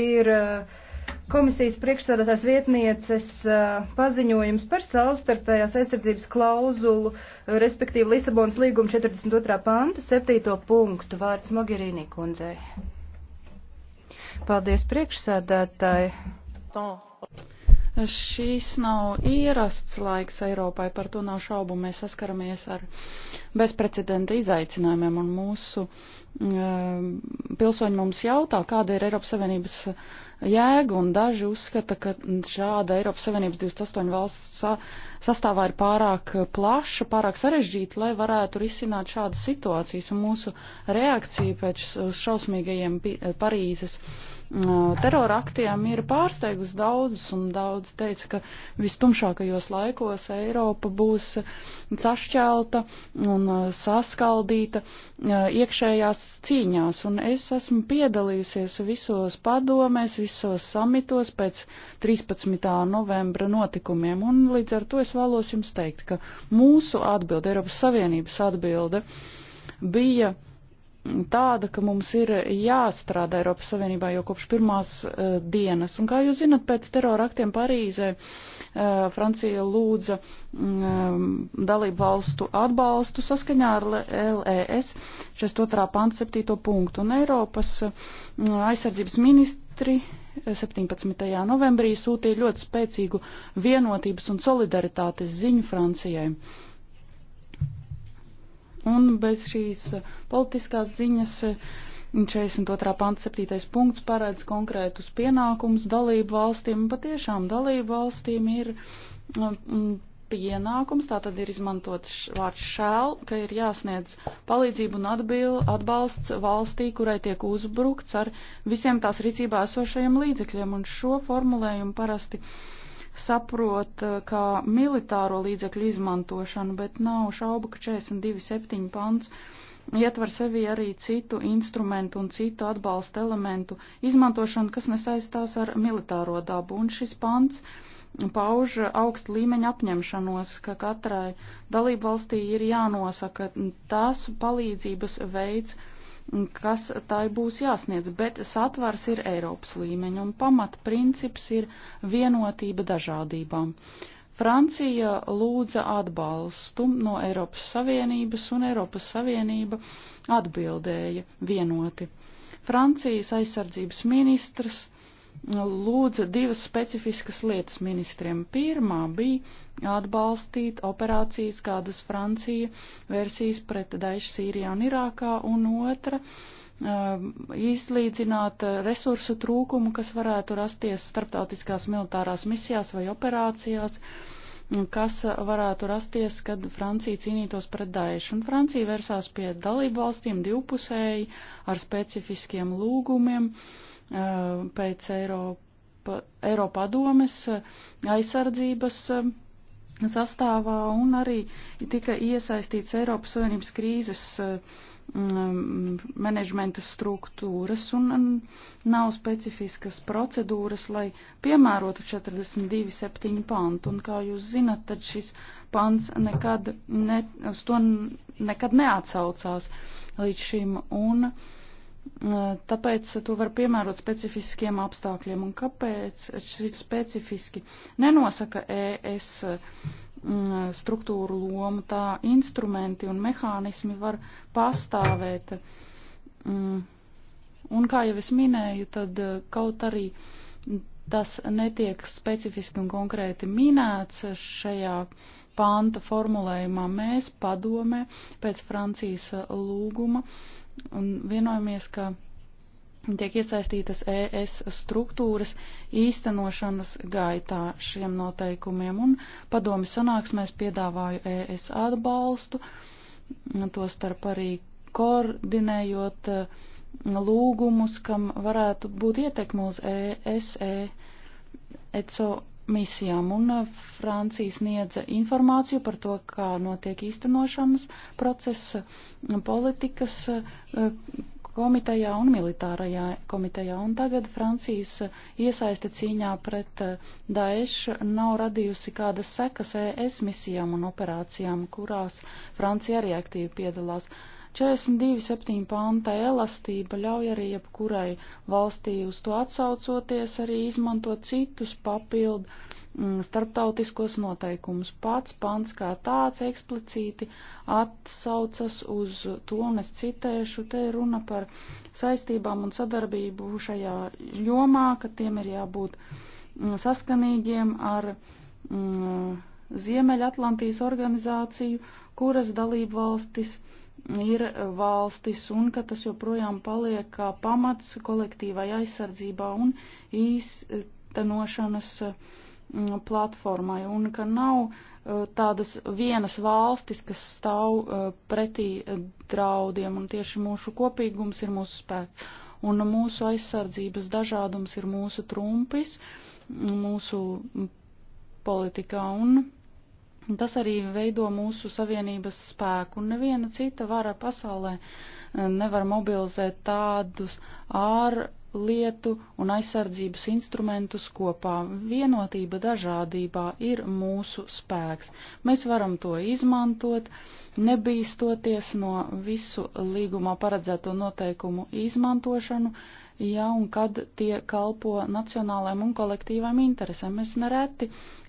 ir komisijas priekšsēdētās vietnieces paziņojums par savstarpējās aizsardzības klauzulu, respektīvi Lisabonas līguma 42. panta 7. punktu vārds Mogherini kundzei. Paldies priekšsēdētāji. Tā. Šīs nav ierasts laiks Eiropai, par to nav šaubu. Mēs saskaramies ar bezprecedenta izaicinājumiem, un mūsu um, pilsoņi mums jautā, kāda ir Eiropas Savienības jēga, un daži uzskata, ka šāda Eiropas Savienības 28 valsts sastāvā ir pārāk plaša, pārāk sarežģīta, lai varētu risināt šādas situācijas. Un mūsu reakcija pēc šausmīgajiem Parīzes uh, teroraktiem ir pārsteigusi daudzus, un daudz teica, ka vistumšākajos laikos Eiropa būs sašķelta un uh, saskaldīta uh, iekšējās cīņās, un es esmu piedalījusies visos padomēs, visos samitos pēc 13. novembra notikumiem, un līdz ar to es es vēlos jums teikt, ka mūsu atbilde, Eiropas Savienības atbilde bija tāda, ka mums ir jāstrādā Eiropas Savienībā jau kopš pirmās uh, dienas. Un kā jūs zinat, pēc terora aktiem Parīzē uh, Francija lūdza um, dalību valstu atbalstu saskaņā ar LES 62. pants 7. punktu. Un Eiropas uh, aizsardzības ministri 17. novembrī sūtīja ļoti spēcīgu vienotības un solidaritātes ziņu Francijai. Uh, Un bez šīs eh, politiskās ziņas 42. pants 7. punkts paredz konkrētus pienākumus dalību valstīm. Patiešām dalību valstīm ir eh, pienākums, tā tad ir izmantots vārds šēl, ka ir jāsniedz palīdzību un atbil, atbalsts valstī, kurai tiek uzbrukts ar visiem tās rīcībā esošajiem līdzekļiem. Un šo formulējumu parasti uh, saprot eh, kā militāro līdzekļu izmantošanu, bet nav šaubu, ka 42.7. pants ietver sevi arī citu instrumentu un citu atbalsta elementu izmantošanu, kas nesaistās ar militāro dabu. Un šis pants pauž augstu līmeņa apņemšanos, ka katrai dalībvalstī ir jānosaka tas palīdzības veids, kas tai būs jāsniedz, bet satvars ir Eiropas līmeņa un pamatprincips ir vienotība dažādībām. Francija lūdza atbalstu no Eiropas Savienības un Eiropas Savienība atbildēja vienoti. Francijas aizsardzības ministrs lūdza divas specifiskas lietas ministriem. Pirmā bija atbalstīt operācijas, kādas Francija versijas pret Daešu Sīrijā un Irākā, un otra um, izlīdzināt resursu trūkumu, kas varētu rasties starptautiskās militārās misijās vai operācijās, kas varētu rasties, kad Francija cīnītos pret Daešu. Un Francija versās pie dalību valstīm divpusēji ar specifiskiem lūgumiem. Uh, Uh, pēc Eiropa, Eiropa domes uh, aizsardzības uh, sastāvā un arī tika iesaistīts Eiropas Savienības krīzes mm, menedžmenta struktūras un nav specifiskas procedūras, lai piemērotu 42.7 pantu. Un kā jūs zinat, tad šis pants nekad, ne, uz to nekad neatsaucās līdz šim. Un, uh, Tāpēc to var piemērot specifiskiem apstākļiem. Un kāpēc šis specifiski nenosaka ES struktūru lomu? Tā instrumenti un mehānismi var pastāvēt. Mm. Un kā jau es minēju, tad kaut arī tas netiek specifiski un konkrēti minēts šajā panta formulējumā. Mēs padome pēc Francijas lūguma. Uh, un vienojamies, ka tiek iesaistītas ES struktūras īstenošanas gaitā šiem noteikumiem, un padomi sanāksmēs piedāvāju ES atbalstu, to starp arī koordinējot eh, lūgumus, kam varētu būt ietekme uz ES, ECO e misijām, un uh, Francija sniedza informāciju par to, kā notiek īstenošanas process, uh, politikas uh, komitejā un militārajā komitejā, un tagad Francijas iesaiste cīņā pret eh, Daešu nav radījusi kādas sekas ES misijām un operācijām, kurās Francija arī aktīvi piedalās. 42.7. panta elastība ļauj arī jebkurai valstī uz to atsaucoties arī izmantot citus papildu Mm, starptautiskos noteikumus. Pats pants kā tāds eksplicīti atsaucas uz to, un es citēšu, te ir runa par saistībām un sadarbību šajā jomā, ka tiem ir jābūt mm, saskanīgiem ar mm, Ziemeļatlantijas organizāciju, kuras dalību valstis ir valstis un ka tas joprojām paliek kā pamats kolektīvai aizsardzībā un īstenošanas uh, Mm, platformai un ka nav eh, tādas vienas valstis, kas stāv eh, pretī eh, draudiem un tieši mūsu kopīgums ir mūsu spēks. Un mūsu aizsardzības dažādums ir mūsu trumpis, mm, mūsu politikā un Tas arī veido mūsu savienības spēku, un neviena cita vara pasaulē nevar mobilizēt tādus ārā lietu un aizsardzības instrumentus kopā. Vienotība dažādībā ir mūsu spēks. Mēs varam to izmantot, nebīstoties no visu līgumā paredzēto noteikumu izmantošanu, ja un kad tie kalpo nacionālajiem un kolektīvām interesēm. Mēs nereti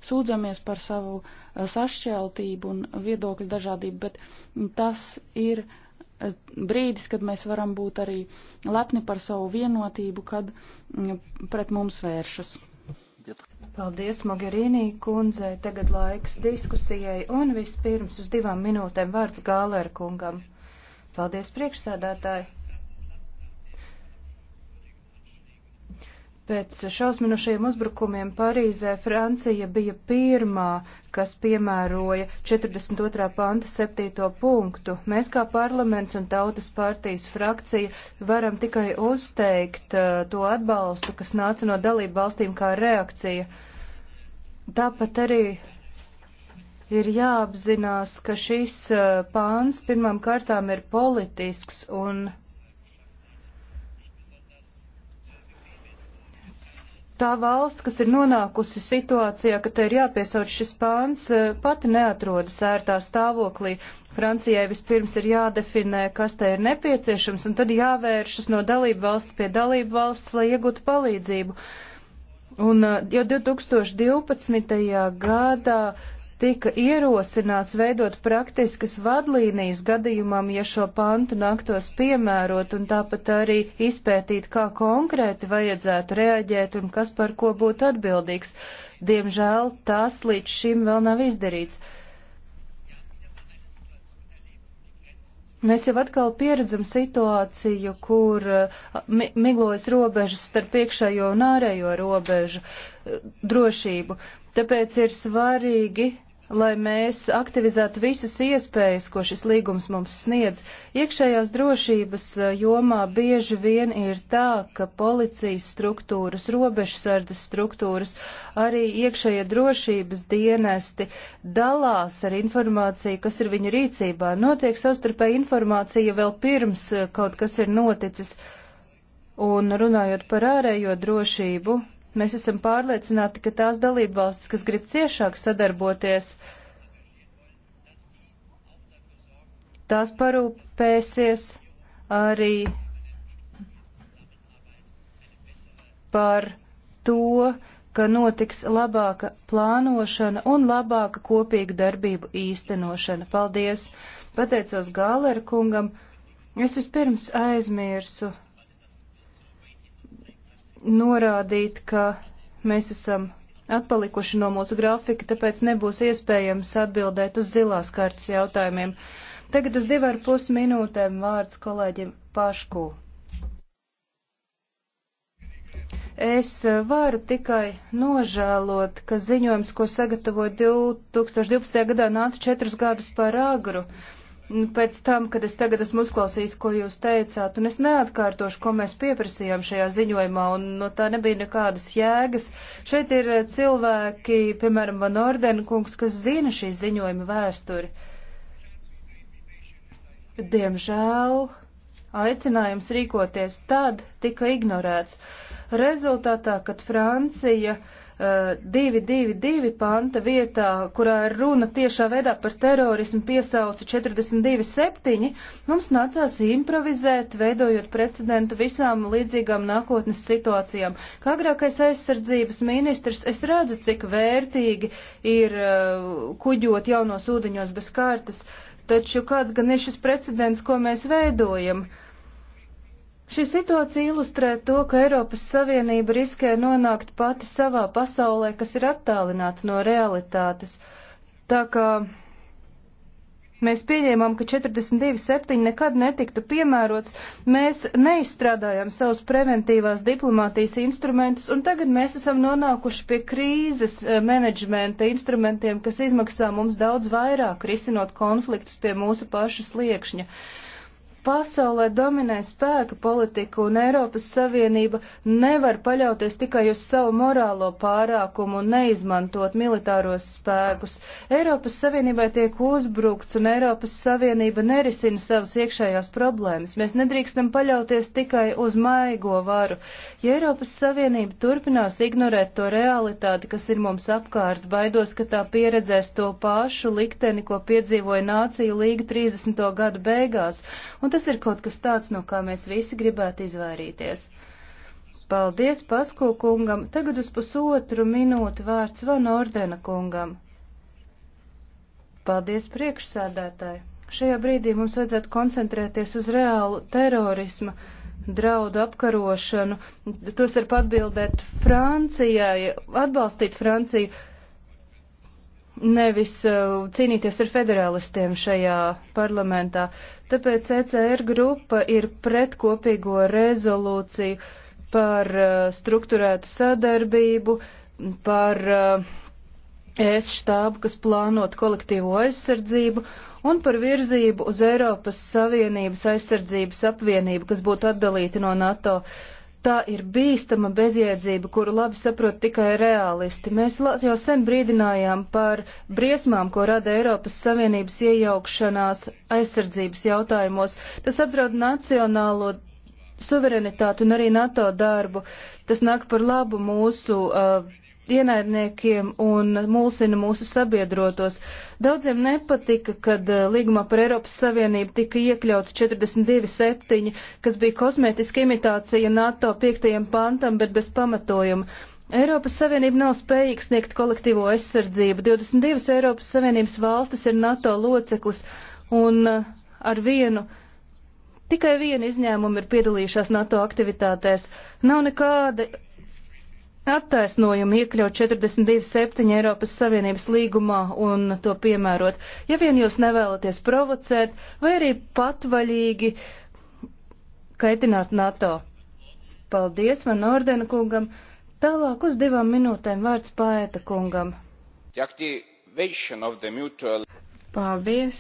sūdzamies par savu sašķeltību un viedokļu dažādību, bet tas ir uh, brīdis, kad mēs varam būt arī lepni par savu vienotību, kad mm, pret mums vēršas. Paldies, Mogherīnī kundze. Tagad laiks diskusijai un vispirms uz divām minūtēm vārds Gālēra kungam. Paldies, priekšsēdētāji! Pēc šausminošajiem uzbrukumiem Parīzē Francija bija pirmā, kas piemēroja 42. panta 7. punktu. Mēs kā parlaments un tautas partijas frakcija varam tikai uzteikt uh, to atbalstu, kas nāca no dalību valstīm kā reakcija. Tāpat arī ir jāapzinās, ka šis uh, pāns pirmām kārtām ir politisks un tā valsts, kas ir nonākusi situācijā, ka te ir jāpiesauc šis pāns, eh, pati neatrodas ērtā stāvoklī. Francijai vispirms ir jādefinē, kas tai ir nepieciešams, un tad jāvēršas no dalību valsts pie dalību valsts, lai iegūtu palīdzību. Un eh, jau 2012. gadā tika ierosināts veidot praktiskas vadlīnijas gadījumam, ja šo pantu naktos piemērot, un tāpat arī izpētīt, kā konkrēti vajadzētu reaģēt un kas par ko būtu atbildīgs. Diemžēl tas līdz šim vēl nav izdarīts. Mēs jau atkal pieredzam situāciju, kur uh, mi miglojas robežas starp iekšējo un ārējo robežu uh, drošību. Tāpēc ir svarīgi, lai mēs aktivizētu visas iespējas, ko šis līgums mums sniedz. Iekšējās drošības eh, jomā bieži vien ir tā, ka policijas struktūras, robežsardzes struktūras, arī iekšējie drošības dienesti dalās ar informāciju, kas ir viņu rīcībā. Notiek savstarpēji informācija vēl pirms eh, kaut kas ir noticis. Un runājot par ārējo drošību, Mēs esam pārliecināti, ka tās dalība valstis, kas grib ciešāk sadarboties, tās parūpēsies arī par to, ka notiks labāka plānošana un labāka kopīga darbību īstenošana. Paldies! Pateicos Gālera kungam. Es vispirms aizmirsu norādīt, ka mēs esam atpalikuši no mūsu grafika, tāpēc nebūs iespējams atbildēt uz zilās kārtas jautājumiem. Tagad uz divar pus minūtēm vārds kolēģim Pašku. Es varu tikai nožēlot, ka ziņojums, ko sagatavoju 2012. gadā, nāca četrus gadus par agru. Uh, Nu, pēc tam, kad es tagad esmu uzklausījis, ko jūs teicāt, un es neatkārtošu, ko mēs pieprasījām šajā ziņojumā, un no tā nebija nekādas jēgas. Šeit ir eh, cilvēki, piemēram, Van Ordenkungs, kas zina šī ziņojuma vēsturi. Diemžēl aicinājums rīkoties tad tika ignorēts. Rezultātā, kad Francija uh, 222 panta vietā, kurā ir runa tiešā veidā par terorismu piesauci 427, mums nācās improvizēt, veidojot precedentu visām līdzīgām nākotnes situācijām. Kā agrākais aizsardzības ministrs, es redzu, cik vērtīgi ir uh, kuģot jaunos ūdeņos bez kārtas, taču kāds gan ir šis precedents, ko mēs veidojam? Uh, Šī situācija ilustrē to, ka Eiropas Savienība riskē nonākt pati savā pasaulē, kas ir attālināta no realitātes. Tā kā mēs pieņēmām, ka 42.7 nekad netiktu piemērots, mēs neizstrādājām savus preventīvās diplomātijas instrumentus, un tagad mēs esam nonākuši pie krīzes eh, menedžmenta instrumentiem, kas izmaksā mums daudz vairāk, risinot konfliktus pie mūsu pašu sliekšņa. Uh, Pasaulē dominē spēka politika un Eiropas Savienība nevar paļauties tikai uz savu morālo pārākumu un neizmantot militāros spēkus. Eiropas Savienībai tiek uzbrukts un Eiropas Savienība nerisina savas iekšējās problēmas. Mēs nedrīkstam paļauties tikai uz maigo varu. Ja Eiropas Savienība turpinās ignorēt to realitāti, kas ir mums apkārt, baidos, ka tā pieredzēs to pašu likteni, ko piedzīvoja Nāciju līga 30. gadu beigās. Un un tas ir kaut kas tāds, no kā mēs visi gribētu izvairīties. Paldies Pasko kungam, tagad uz pusotru minūtu vārds Van Ordena kungam. Paldies priekšsādātāji. Šajā brīdī mums vajadzētu koncentrēties uz reālu terorismu draudu apkarošanu, tos var atbildēt Francijai, atbalstīt Franciju, nevis uh, cīnīties ar federālistiem šajā parlamentā. Tāpēc ECR grupa ir pret kopīgo rezolūciju par uh, struktūrētu sadarbību, par uh, ES štābu, kas plānot kolektīvo aizsardzību, un par virzību uz Eiropas Savienības aizsardzības apvienību, kas būtu atdalīta no NATO. Uh, Tā ir bīstama bezjēdzība, kuru labi saprot tikai realisti. Mēs jau sen brīdinājām par briesmām, ko rada Eiropas Savienības iejaukšanās aizsardzības jautājumos. Tas apdraud nacionālo suverenitāti un arī NATO darbu. Tas nāk par labu mūsu uh, ienaidniekiem un mulsina mūsu sabiedrotos. Daudziem nepatika, kad eh, līgumā par Eiropas Savienību tika iekļauts 42.7, kas bija kosmētiska imitācija NATO 5. pantam, bet bez pamatojuma. Eiropas Savienība nav spējīga sniegt kolektīvo aizsardzību. 22 Eiropas Savienības valstis ir NATO loceklis un eh, ar vienu Tikai viena izņēmuma ir piedalījušās NATO aktivitātēs. Nav nekāda attaisnojumu iekļaut 42.7. Eiropas Savienības līgumā un to piemērot, ja vien jūs nevēlaties provocēt vai arī patvaļīgi kaitināt NATO. Paldies man ordena kungam, tālāk uz divām minūtēm vārds paēta kungam. Mutual... Paldies,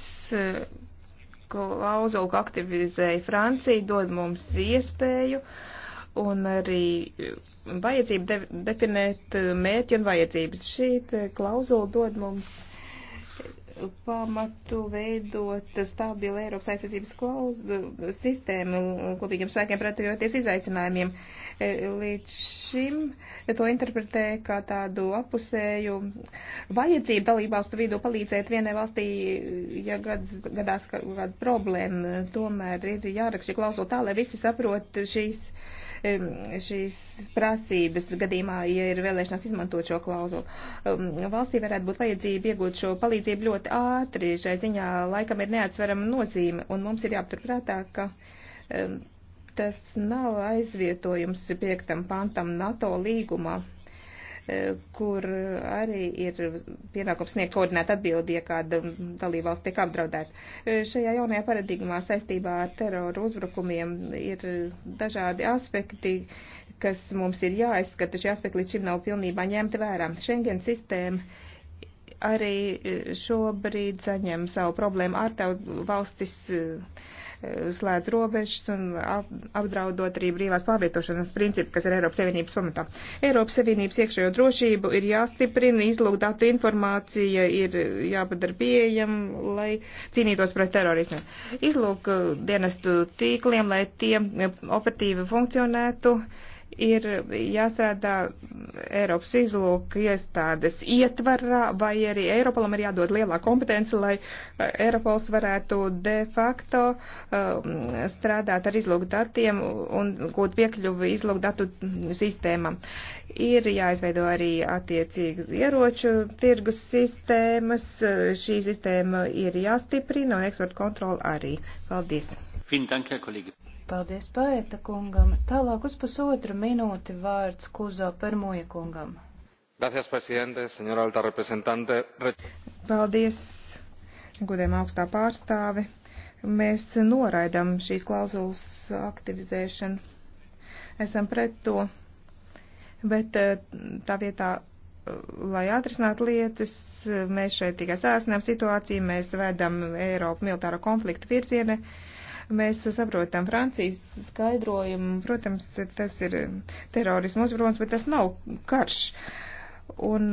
klauzulu aktivizēja Francija, dod mums iespēju un arī vajadzību de definēt eh, mērķi un vajadzības. Šī eh, klauzula dod mums eh, pamatu veidot stabilu Eiropas aizsardzības klauzulu sistēmu kopīgiem spēkiem pretojoties izaicinājumiem. Līdz šim to interpretē kā tādu apusēju vajadzību dalībvalstu vidū palīdzēt vienai valstī, ja gads, gadās kāda problēma. Tomēr ir jārakšķi klauzulu tā, lai visi saprot šīs šīs prasības gadījumā, ja ir vēlēšanās izmantot šo klauzulu. Valstī varētu būt vajadzība iegūt šo palīdzību ļoti ātri, šai ziņā laikam ir neatsverama nozīme, un mums ir jāpaturprātā, ka tas nav aizvietojums piektam pantam NATO līgumā E, kur arī ir pienākums sniegt koordinēt atbildi, ja kāda dalībvalsts tiek apdraudēta. E, šajā jaunajā paradigmā saistībā ar teroru uzbrukumiem ir dažādi aspekti, kas mums ir jāizskata. Šie aspekti līdz šim nav pilnībā ņemti vērā. Schengen sistēma arī šobrīd saņem savu problēmu ārtaut valstis slēdz robežas un apdraudot arī brīvās pārvietošanas principu, kas ir Eiropas Savienības pamatā. Eiropas Savienības iekšējo drošību ir jāstiprina, izlūgdātu informācija ir jāpadara pieejam, lai cīnītos pret terorismu. Izlūk dienestu tīkliem, lai tie operatīvi funkcionētu. Uh, ir jāstrādā Eiropas izlūka iestādes ietvarā, vai arī Eiropolam ir jādod lielā kompetence, lai uh, Eiropols varētu de facto um, strādāt ar izlūka datiem un gūt piekļuvi izlūka datu sistēmām. Ir jāizveido arī attiecīgas ieroču tirgus sistēmas. Šī sistēma ir jāstiprina un eksporta kontrola arī. Paldies! Vielen Dank, Herr Kollege. Paldies Paēta kungam. Tālāk uz pusotru minūti vārds Kuzo Permoja kungam. Gracias, presidente, senora alta reprezentante. Paldies, godiem augstā pārstāve. Mēs noraidam šīs klauzulas aktivizēšanu. Esam pret to. Bet eh, tā vietā eh, lai atrisinātu lietas, eh, mēs šeit tikai sāsinām situāciju, mēs vedam Eiropu militāro konfliktu virzienē. Mēs saprotam Francijas skaidrojumu, protams, tas ir terorismu uzbrukums, bet tas nav karš. Un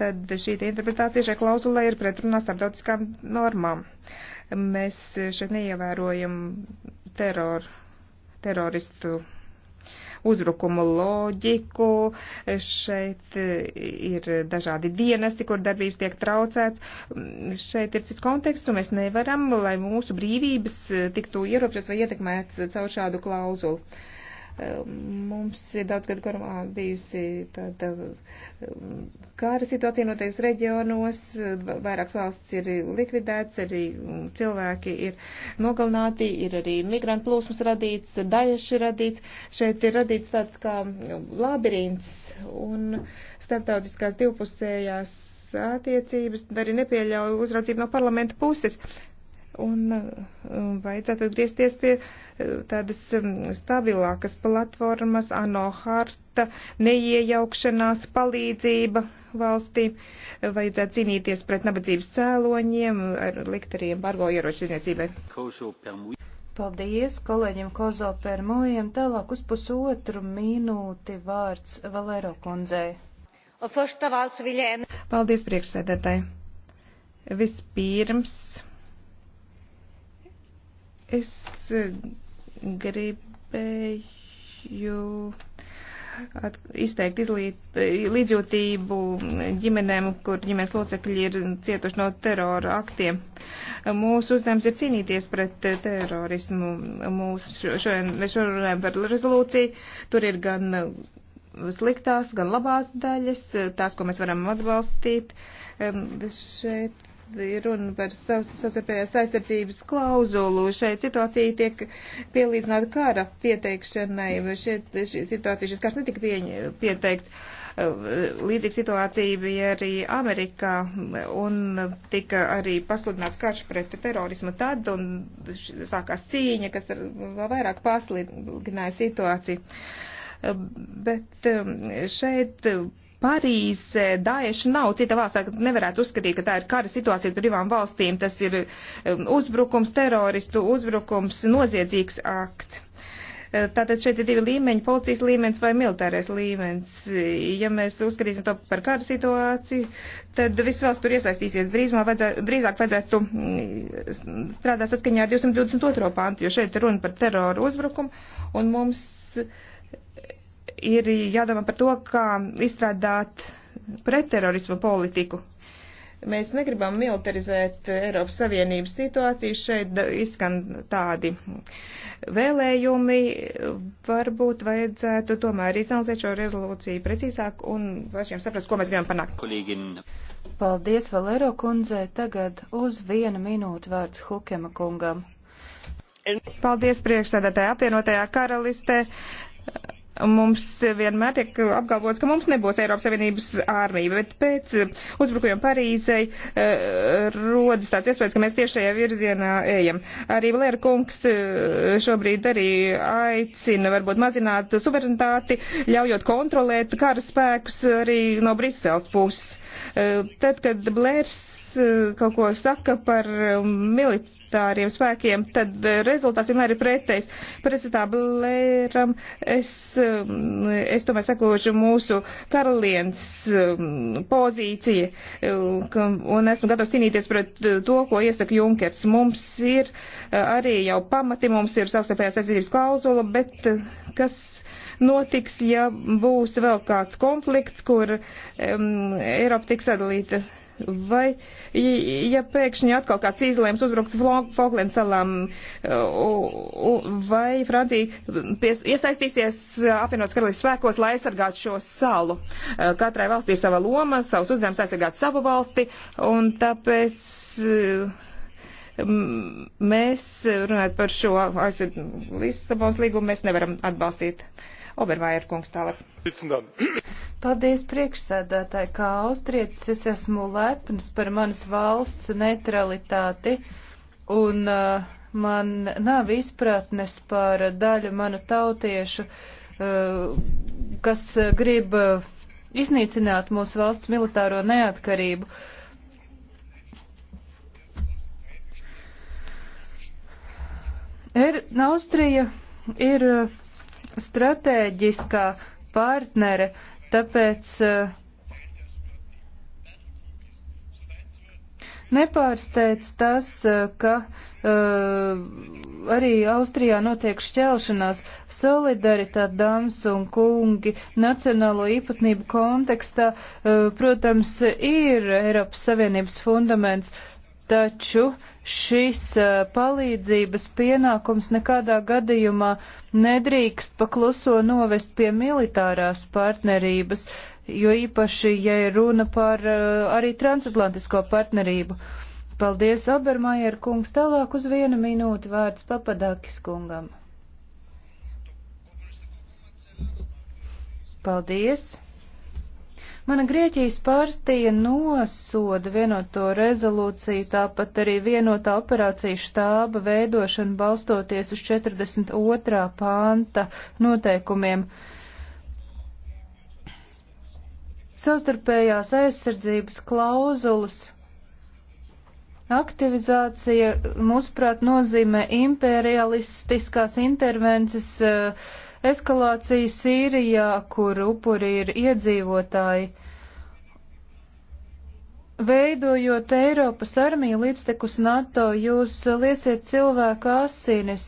tad šī interpretācija šai klauzulē ir pretrunā starptautiskām normām. Mēs šeit neievērojam teror, teroristu uzbrukumu loģiku. Šeit ir dažādi dienesti, kur darbības tiek traucēts. Šeit ir cits konteksts, un mēs nevaram, lai mūsu brīvības tiktu ierobežotas vai ietekmētas caur šādu klauzulu. Mums ir daudz gadu garumā bijusi tāda um, kāra situācija noteikti reģionos, vairākas valsts ir likvidēts, arī cilvēki ir nogalināti, ir arī migrantu plūsmas radīts, daieši radīts. Šeit ir radīts tāds kā labirints un starptautiskās divpusējās attiecības, arī nepieļauj uzraudzību no parlamenta puses un um, vajadzētu atgriezties pie uh, tādas um, stabilākas platformas, ANO harta, neiejaukšanās, palīdzība valstī, vajadzētu cīnīties pret nabadzības cēloņiem, ar liktariem bargo ieroču izniecībai. Paldies kolēģim Kozo Permojiem, tālāk uz pusotru minūti vārds Valero kundzei. Paldies priekšsēdētāji. Vispirms Es eh, gribēju izteikt izlīt, līdzjūtību ģimenēm, kur ģimenes locekļi ir cietuši no terora aktiem. Mūsu uzdevums ir cīnīties pret terorismu. Mūsu šodien mēs šodien runājam par rezolūciju. Tur ir gan sliktās, gan labās daļas, tās, ko mēs varam atbalstīt. Šeit ir runa par savstarpējās aizsardzības klauzulu. Šeit situācija tiek pielīdzināta kara pieteikšanai. Šeit šī situācija, šis kārs netika pieņa, pieteikts. Uh, līdzīga situācija bija arī Amerikā un tika arī pasludināts karš pret terorismu tad un sākās cīņa, kas vēl vairāk pasludināja situāciju. Uh, bet um, šeit Parīzē Daeša nav cita valsts, nevarētu uzskatīt, ka tā ir kara situācija par divām valstīm. Tas ir um, uzbrukums teroristu, uzbrukums noziedzīgs akts. Uh, tātad šeit ir divi līmeņi - policijas līmenis vai militārais līmenis. Ja mēs uzskatīsim to par kādu situāciju, tad viss valsts tur iesaistīsies. Drīzumā vajadzētu, drīzāk vajadzētu mm, strādāt saskaņā ar 222. pantu, jo šeit runa par teroru uzbrukumu, un mums ir jādomā par to, kā izstrādāt pretterorismu politiku. Mēs negribam militarizēt Eiropas Savienības situāciju. Šeit izskan tādi vēlējumi. Varbūt vajadzētu tomēr izanalizēt šo rezolūciju precīzāk un pašiem saprast, ko mēs gribam panākt. Kolīgin. Paldies, Valero kundze. Tagad uz vienu minūtu vārds Hukema kungam. Paldies, priekšsēdētāji apvienotajā karalistē Mums vienmēr tiek apgalvots, ka mums nebūs Eiropas Savienības armija, bet pēc eh, uzbrukumiem Parīzei eh, rodas tāds iespējas, ka mēs tieši šajā virzienā ejam. Arī Valēra kungs eh, šobrīd arī aicina varbūt mazināt suverenitāti, ļaujot kontrolēt kara spēkus arī no Briseles puses. Tad, kad Blērs kaut ko saka par militāru militāriem spēkiem, tad eh, rezultāts vienmēr ir pretējs. Precitā Blēram es, um, es tomēr sakošu mūsu karalienes um, pozīcija um, un esmu gatavs cīnīties pret eh, to, ko iesaka Junkers. Mums ir eh, arī jau pamati, mums ir savstarpējās aizsardzības klauzula, bet kas notiks, ja būs vēl kāds konflikts, kur um, Eiropa tiks sadalīta Vai, ja pēkšņi atkal kāds izlēms uzbrukt Falklands salām, vai Francija pies, iesaistīsies uh, apvienotas karalīs spēkos, lai aizsargātu šo salu? Uh, katrai valstī ir sava loma, savus uzdevums aizsargāt savu valsti, un tāpēc uh, mēs runājot par šo Lisabonas līgumu, mēs nevaram atbalstīt. Uh, Obervaira kungs tālāk. Paldies priekšsēdētāji, kā austrietis es esmu lepns par manas valsts neutralitāti un uh, man nav izpratnes par daļu manu tautiešu, uh, kas uh, grib uh, iznīcināt mūsu valsts militāro neatkarību. Ir, er, Austrija ir uh, stratēģiskā partnere, tāpēc eh, nepārsteidz tas, eh, ka eh, arī Austrijā notiek šķelšanās solidaritāte, dāmas un kungi, nacionālo īpatnību kontekstā, protams, ir Eiropas Savienības fundaments, taču šis palīdzības pienākums nekādā gadījumā nedrīkst pakluso novest pie militārās partnerības, jo īpaši, ja ir runa par arī transatlantisko partnerību. Paldies, Obermajer kungs, tālāk uz vienu minūti vārds papadākis kungam. Paldies! Mana Grieķijas partija nosoda vienoto rezolūciju, tāpat arī vienotā operācija štāba veidošanu balstoties uz 42. panta noteikumiem. Savstarpējās aizsardzības klauzulas aktivizācija, mūsuprāt, nozīmē imperialistiskās intervences uh, eskalācija Sīrijā, kur upuri ir iedzīvotāji, veidojot Eiropas armiju līdztekus NATO, jūs liesiet cilvēku asinis.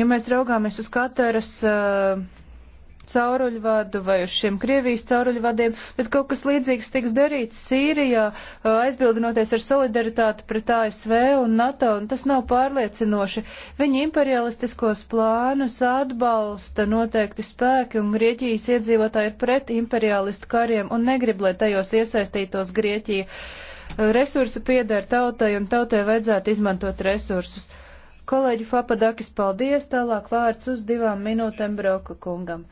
Ja mēs raugāmies uz Kataras uh, cauruļvadu vai uz šiem Krievijas cauruļvadiem, bet kaut kas līdzīgs tiks darīts Sīrijā, aizbildinoties ar solidaritāti pret ASV un NATO, un tas nav pārliecinoši. Viņi imperialistiskos plānus atbalsta noteikti spēki, un Grieķijas iedzīvotāji ir pret imperialistu kariem un negrib, lai tajos iesaistītos Grieķija. Resursi pieder tautai, un tautai vajadzētu izmantot resursus. Kolēģi Fapadakis, paldies, tālāk vārds uz divām minūtēm Broka kungam.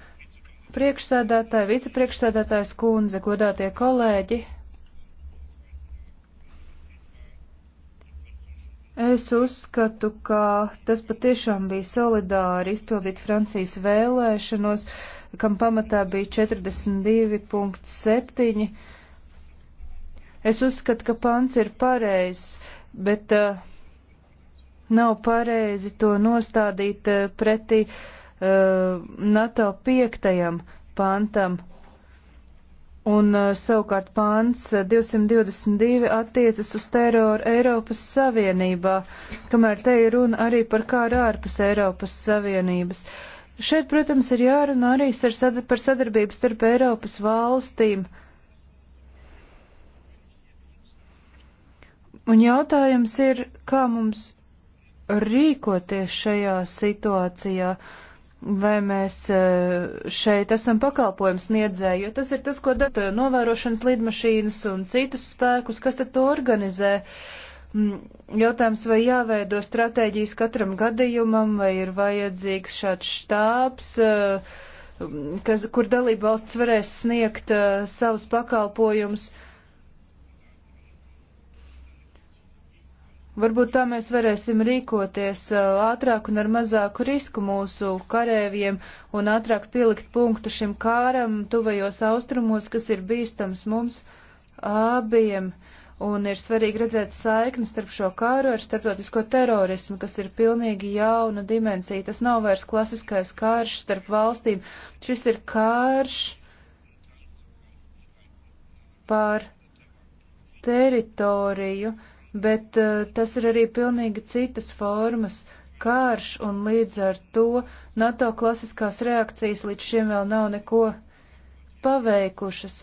Priekšsēdētāji, vicepriekšsēdētājs kundze, godātie kolēģi, Es uzskatu, ka tas patiešām bija solidāri izpildīt Francijas vēlēšanos, kam pamatā bija 42.7. Es uzskatu, ka pants ir pareizs, bet uh, nav pareizi to nostādīt uh, pretī uh, Uh, NATO piektajam pantam. Un uh, savukārt pāns 222 uh, attiecas uz teroru Eiropas Savienībā, kamēr te ir runa arī par kāru ārpus Eiropas Savienības. Šeit, protams, ir jārunā arī par sadarbību starp Eiropas valstīm. Un jautājums ir, kā mums rīkoties šajā situācijā. Uh, vai mēs eh, šeit esam pakalpojums sniedzēji, jo tas ir tas, ko dara novērošanas lidmašīnas un citus spēkus, kas tad to organizē. Mm, jautājums, vai jāveido stratēģijas katram gadījumam, vai ir vajadzīgs šāds štābs, eh, kas, kur dalība valsts varēs sniegt eh, savus pakalpojumus. Varbūt tā mēs varēsim rīkoties uh, ātrāk un ar mazāku risku mūsu karēviem un ātrāk pielikt punktu šim kāram tuvajos austrumos, kas ir bīstams mums abiem. Un ir svarīgi redzēt saikni starp šo kāru ar starptautisko terorismu, kas ir pilnīgi jauna dimensija. Tas nav vairs klasiskais kārš starp valstīm. Šis ir kārš pār teritoriju. Uh, bet uh, tas ir arī pilnīgi citas formas - kārš, un līdz ar to NATO klasiskās reakcijas līdz šiem vēl nav neko paveikušas.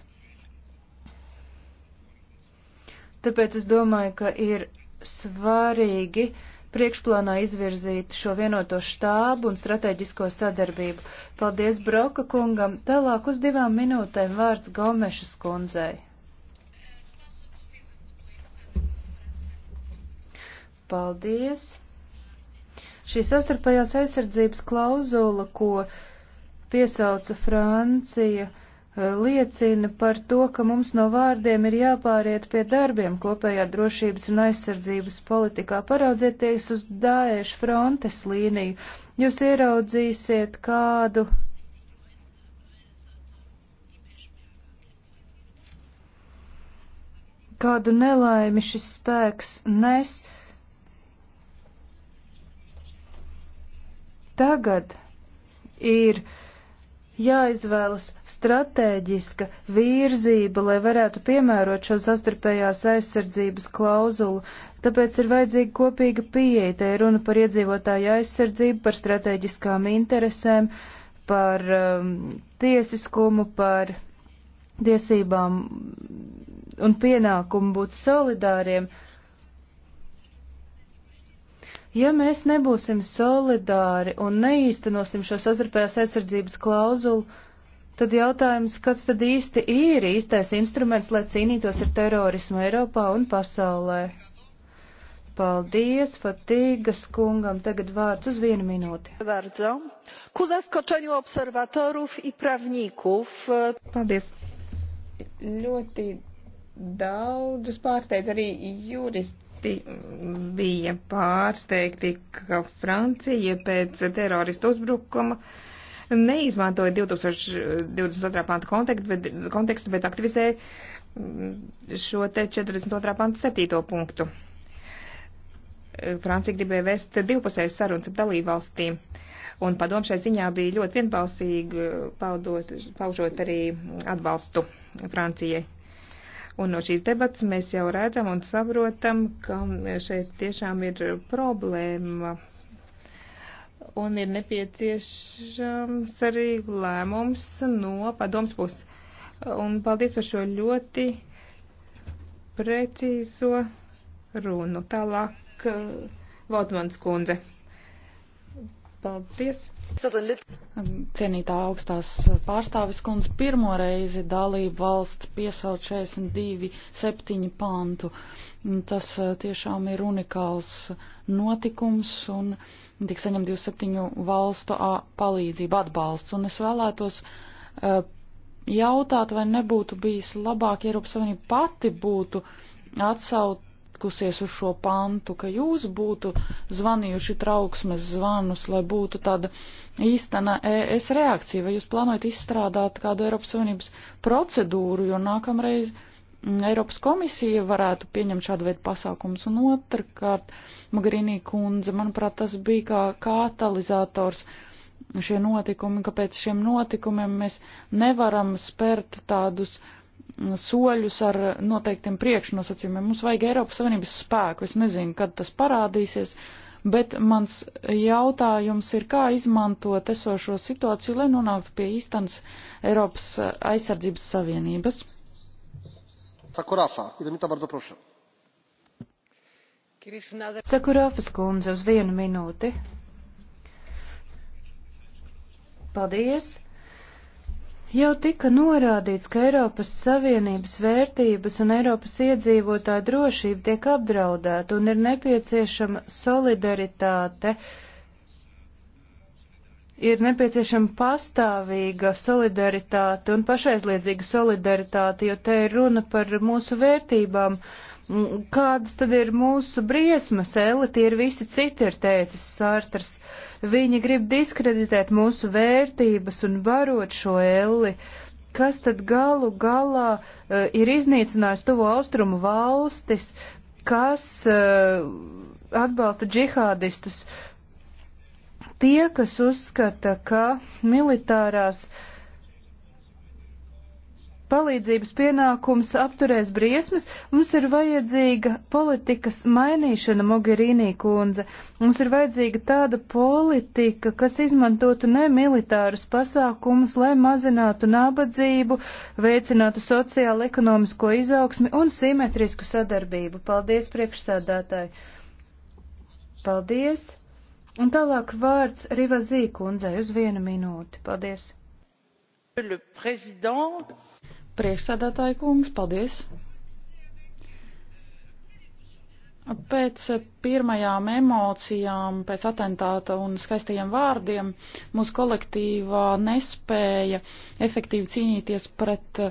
Tāpēc es domāju, ka ir svarīgi priekšplānā izvirzīt šo vienoto štābu un strateģisko sadarbību. Paldies Broka kungam, tālāk uz divām minūtēm vārds Gomešas kundzei. Paldies! Šī sastarpējās aizsardzības klauzula, ko piesauca Francija, eh, liecina par to, ka mums no vārdiem ir jāpāriet pie darbiem kopējā drošības un aizsardzības politikā. Paraudzieties uz Dāēšu frontes līniju. Jūs ieraudzīsiet kādu. kādu nelaimi šis spēks nes. Uh, Tagad ir jāizvēlas stratēģiska virzība, lai varētu piemērot šo sastarpējās aizsardzības klauzulu, tāpēc ir vajadzīga kopīga pieeja, te ir runa par iedzīvotāju aizsardzību, par stratēģiskām interesēm, par um, tiesiskumu, par tiesībām un pienākumu būt solidāriem. Uh, Ja mēs nebūsim solidāri un neīstenosim šo sazarpējās aizsardzības klauzulu, tad jautājums, kas tad īsti ir īstais instruments, lai cīnītos ar terorismu Eiropā un pasaulē? Paldies, Fatīgas kungam. Tagad vārds uz vienu minūti. Ku zaskočeniu observatorów i prawników. E, Paldies. Ļoti daudzus pārsteidz arī jurists ļoti bija pārsteigti, ka Francija pēc terorista uzbrukuma neizmantoja 2022. panta kontekstu, bet, kontekstu, bet aktivizēja mm, šo te 42. panta 7. punktu. Francija gribēja vēst divpusējas sarunas ar dalībvalstīm. Un padomu šai ziņā bija ļoti vienbalsīgi paudot, paužot arī atbalstu Francijai. Un no šīs debatas mēs jau redzam un saprotam, ka šeit tiešām ir problēma. Un ir nepieciešams arī lēmums no padoms puses. Un paldies par šo ļoti precīzo runu. Tālāk, eh, Vautmans kundze. Paldies. Cienītā augstās pārstāvis kundze pirmo reizi dalību valsts piesauc 42.7 pantu. Tas eh, tiešām ir unikāls notikums un tiks saņemt 27 valstu palīdzību atbalsts. Un es vēlētos eh, jautāt, vai nebūtu bijis labāk, ja Eiropas Savienība pati būtu atsaut atkusies uz šo pantu, ka jūs būtu zvanījuši trauksmes zvanus, lai būtu tāda īstena ES reakcija, vai jūs plānojat izstrādāt kādu Eiropas Savienības procedūru, jo nākamreiz mm, Eiropas komisija varētu pieņemt šādu veidu pasākumus. Un otrkārt, Magrīnī kundze, manuprāt, tas bija kā katalizators šie notikumi, kāpēc šiem notikumiem mēs nevaram spērt tādus uh, soļus ar noteiktiem priekšnosacījumiem. Mums vajag Eiropas Savienības spēku. Es nezinu, kad tas parādīsies, bet mans jautājums ir, kā izmantot esošo situāciju, lai nonāktu pie īstenas Eiropas aizsardzības savienības. Sakurāfā, Idemita Bardo, prošu. Sakurāfas kundze uz vienu minūti. Paldies! Jau tika norādīts, ka Eiropas Savienības vērtības un Eiropas iedzīvotāja drošība tiek apdraudēta un ir nepieciešama solidaritāte, ir nepieciešama pastāvīga solidaritāte un pašaizliedzīga solidaritāte, jo te ir runa par mūsu vērtībām. Uh, Mm, kādas tad ir mūsu briesmas, Eli, tie ir visi citi, ir teicis Sārtars. Viņi grib diskreditēt mūsu vērtības un barot šo Eli. Kas tad galu galā uh, ir iznīcinājis tuvo austrumu valstis, kas uh, atbalsta džihādistus? Tie, kas uzskata, ka militārās uh, palīdzības pienākums apturēs briesmas, mums ir vajadzīga politikas mainīšana, Mogherīnī kundze. Mums ir vajadzīga tāda politika, kas izmantotu nemilitārus pasākumus, lai mazinātu nabadzību, veicinātu sociālu ekonomisko izaugsmi un simetrisku sadarbību. Paldies, priekšsādātāji! Paldies! Un tālāk vārds Riva Zīkundzei uz vienu minūti. Paldies! Le président Priekšsēdētāji kungs, paldies! Pēc pirmajām emocijām, pēc atentāta un skaistajiem vārdiem mūsu kolektīvā nespēja efektīvi cīnīties pret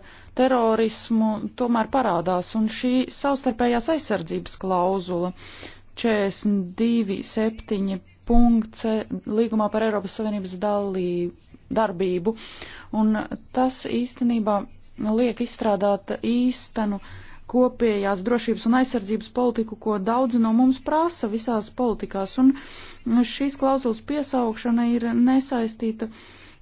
terorismu tomēr parādās, un šī savstarpējās aizsardzības klauzula 42.7. punkts līgumā par Eiropas Savienības dalību darbību, un tas īstenībā liek izstrādāt īstenu kopējās drošības un aizsardzības politiku, ko daudzi no mums prasa visās politikās, un šīs klausulas piesaukšana ir nesaistīta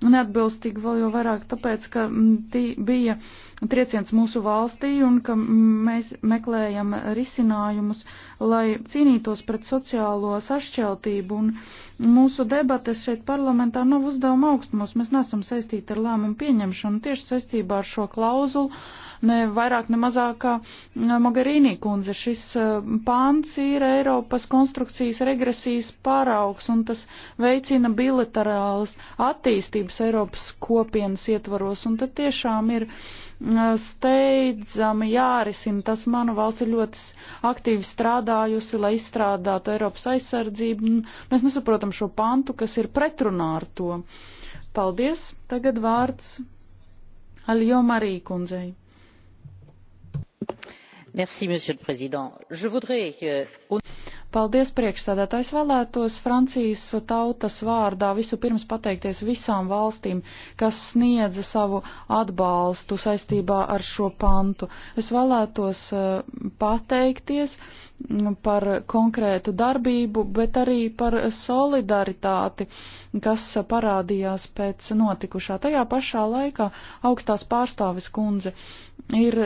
neatbilstīga vēl jau vairāk tāpēc, ka tī bija trieciens mūsu valstī un ka mēs meklējam risinājumus, lai cīnītos pret sociālo sašķeltību. Un mūsu debates šeit parlamentā nav uzdevuma augstumos. Mēs nesam saistīti ar lēmumu pieņemšanu tieši saistībā ar šo klauzulu. Ne vairāk, ne mazākā Mogherīnī kundze. Šis eh, pāns ir Eiropas konstrukcijas regresijas pāraugs un tas veicina bilaterālas attīstības Eiropas kopienas ietvaros. Un tad tiešām ir steidzami jārisina. Tas mana valsts ir ļoti aktīvi strādājusi, lai izstrādātu Eiropas aizsardzību. Mēs nesaprotam šo pantu, kas ir pretrunā ar to. Paldies! Tagad vārds Aljo Marija kundzei. Merci, Monsieur le Président. Je voudrais. Euh... Paldies priekšsēdētājs vēlētos Francijas tautas vārdā visu pirms pateikties visām valstīm, kas sniedza savu atbalstu saistībā ar šo pantu. Es vēlētos eh, pateikties mm, par konkrētu darbību, bet arī par solidaritāti, kas parādījās pēc notikušā. Tajā pašā laikā augstās pārstāvis kundze ir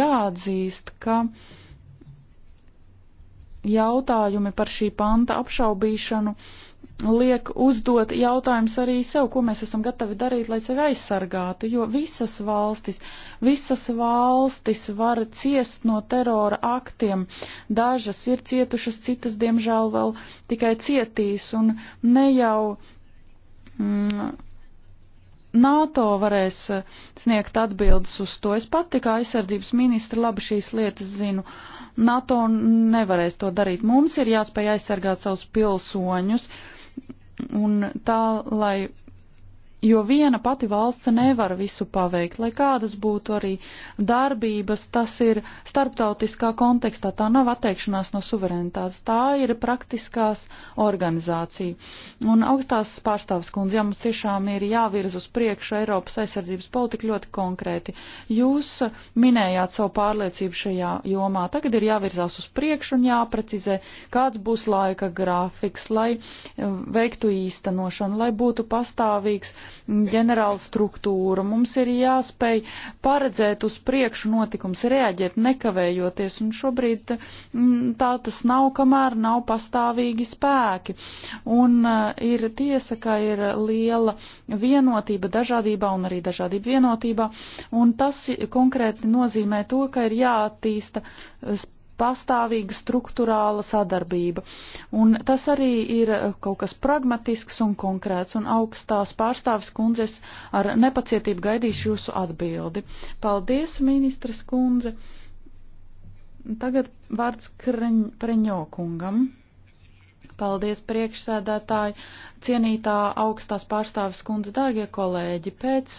jāatzīst, ka. Uh, jautājumi par šī panta apšaubīšanu liek uzdot jautājums arī sev, ko mēs esam gatavi darīt, lai sevi aizsargātu, jo visas valstis, visas valstis var ciest no terora aktiem. Dažas ir cietušas, citas, diemžēl, vēl tikai cietīs, un ne jau. Mm, NATO varēs sniegt atbildes uz to. Es pati kā aizsardzības ministra labi šīs lietas zinu. Uh, NATO nevarēs to darīt. Mums ir jāspēj aizsargāt savus pilsoņus un tā, lai Jo viena pati valsts nevar visu paveikt, lai kādas būtu arī darbības, tas ir starptautiskā kontekstā, tā nav atteikšanās no suverenitātes, tā ir praktiskās organizācija. Un augstās pārstāvs kundze, ja mums tiešām ir jāvirz uz priekšu Eiropas aizsardzības politika ļoti konkrēti, jūs minējāt savu pārliecību šajā jomā, tagad ir jāvirzās uz priekšu un jāprecizē, kāds būs laika grafiks, lai eh, veiktu īstenošanu, lai būtu pastāvīgs ģenerāla struktūra. Mums ir jāspēj paredzēt uz priekšu notikums, reaģēt nekavējoties, un šobrīd mm, tā tas nav, kamēr nav pastāvīgi spēki. Un eh, ir tiesa, ka ir liela vienotība dažādībā un arī dažādība vienotībā, un tas konkrēti nozīmē to, ka ir jāattīsta spēki pastāvīga struktūrāla sadarbība. Un tas arī ir kaut kas pragmatisks un konkrēts, un augstās pārstāvis kundzes ar nepacietību gaidīšu jūsu atbildi. Paldies, ministras kundze! Tagad vārds Preņo kungam. Paldies priekšsēdētāji, cienītā augstās pārstāvis kundze, dārgie kolēģi. Pēc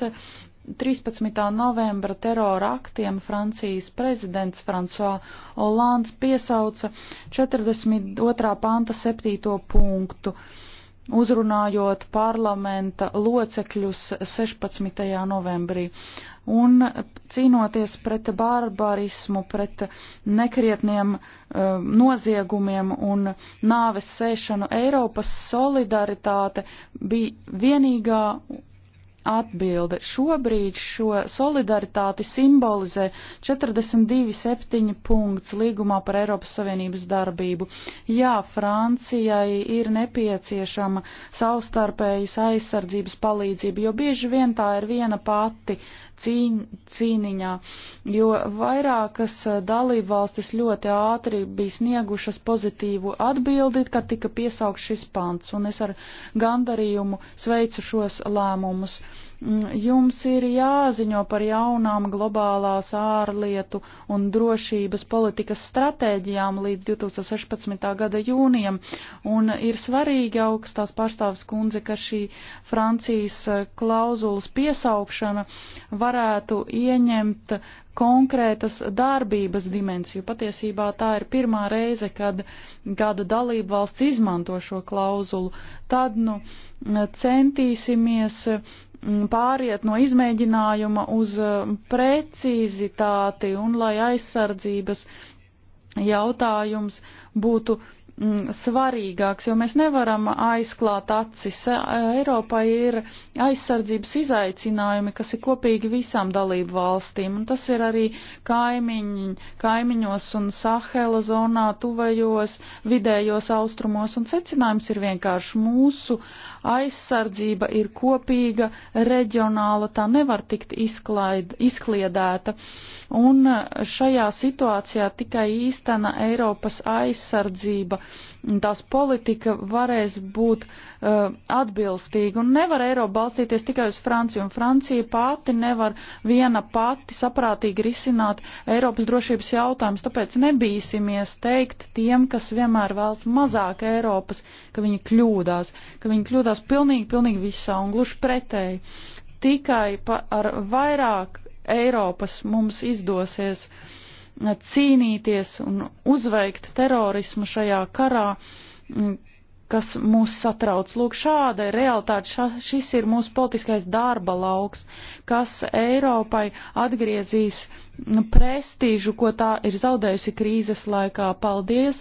13. novembra terora aktiem Francijas prezidents François Hollands piesauca 42. panta 7. punktu, uzrunājot parlamenta locekļus 16. novembrī un cīnoties pret barbarismu, pret nekrietniem uh, noziegumiem un nāves sēšanu. Eiropas solidaritāte bija vienīgā Atbilde. Šobrīd šo solidaritāti simbolizē 42.7. punkts līgumā par Eiropas Savienības darbību. Jā, Francijai ir nepieciešama savstarpējas aizsardzības palīdzība, jo bieži vien tā ir viena pati cīņ, cīniņā, jo vairākas eh, dalībvalstis ļoti ātri bija sniegušas pozitīvu atbildi, kad tika piesaukt šis pants, un es ar gandarījumu sveicu šos lēmumus. Uh, Mm, jums ir jāziņo par jaunām globālās ārlietu un drošības politikas stratēģijām līdz 2016. gada jūnijam, un ir svarīgi augstās pārstāvs kundze, ka šī Francijas eh, klauzulas piesaukšana varētu ieņemt konkrētas darbības dimensiju. Patiesībā tā ir pirmā reize, kad kāda dalība valsts izmanto šo klauzulu. Tad, nu, eh, centīsimies Mm, pāriet no izmēģinājuma uz eh, precizitāti un lai aizsardzības jautājums būtu Mm, svarīgāks, jo mēs nevaram aizklāt acis. E, Eiropai ir aizsardzības izaicinājumi, kas ir kopīgi visām dalību valstīm, un tas ir arī kaimiņi, kaimiņos un Sahela zonā, tuvējos, vidējos austrumos, un secinājums ir vienkārši mūsu aizsardzība ir kopīga, reģionāla, tā nevar tikt izklaid, izkliedēta. Un šajā situācijā tikai īstena Eiropas aizsardzība tās politika varēs būt uh, atbilstīga. Un nevar Eiropa balstīties tikai uz Franciju, un Francija pati nevar viena pati saprātīgi risināt Eiropas drošības jautājumus. Tāpēc nebīsimies teikt tiem, kas vienmēr vēlas mazāk Eiropas, ka viņi kļūdās, ka viņi kļūdās pilnīgi, pilnīgi visā un gluži pretēji. Tikai pa, ar vairāk Eiropas mums izdosies uh, cīnīties un uzveikt terorismu šajā karā, mm, kas mūs satrauc. Lūk, šāda ir realitāte, ša, šis ir mūsu politiskais darba lauks, kas Eiropai atgriezīs prestīžu, ko tā ir zaudējusi krīzes laikā. Paldies,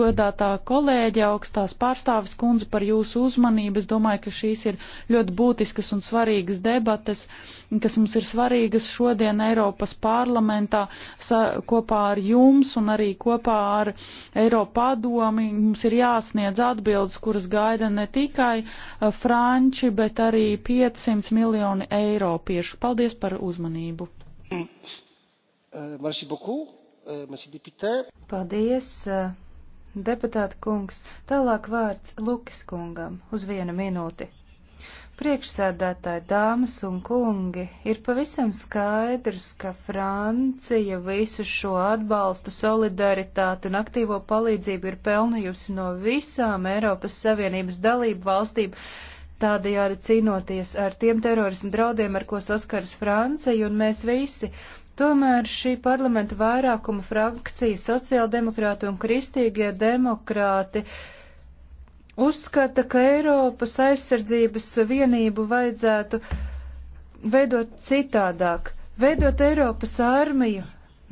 godātā kolēģe, augstās pārstāvis kundze par jūsu uzmanību. Es domāju, ka šīs ir ļoti būtiskas un svarīgas debates, kas mums ir svarīgas šodien Eiropas parlamentā kopā ar jums un arī kopā ar Eiropadomi. Mums ir jāsniedz atbildes, kuras gaida ne tikai eh, franči, bet arī 500 miljoni eiropiešu. Paldies par uzmanību! Mm. Eh, eh, Paldies, eh, deputāta kungs. Tālāk vārds Lukas kungam uz vienu minūti. Priekšsēdētāji, dāmas un kungi, ir pavisam skaidrs, ka Francija visu šo atbalstu, solidaritāti un aktīvo palīdzību ir pelnījusi no visām Eiropas Savienības dalību valstīm, tādējādi cīnoties ar tiem terorismu draudiem, ar ko saskars Francija un mēs visi. Tomēr šī parlamenta vairākuma frakcija sociāldemokrāti un kristīgie demokrāti uzskata, ka Eiropas aizsardzības vienību vajadzētu veidot citādāk. Veidot Eiropas armiju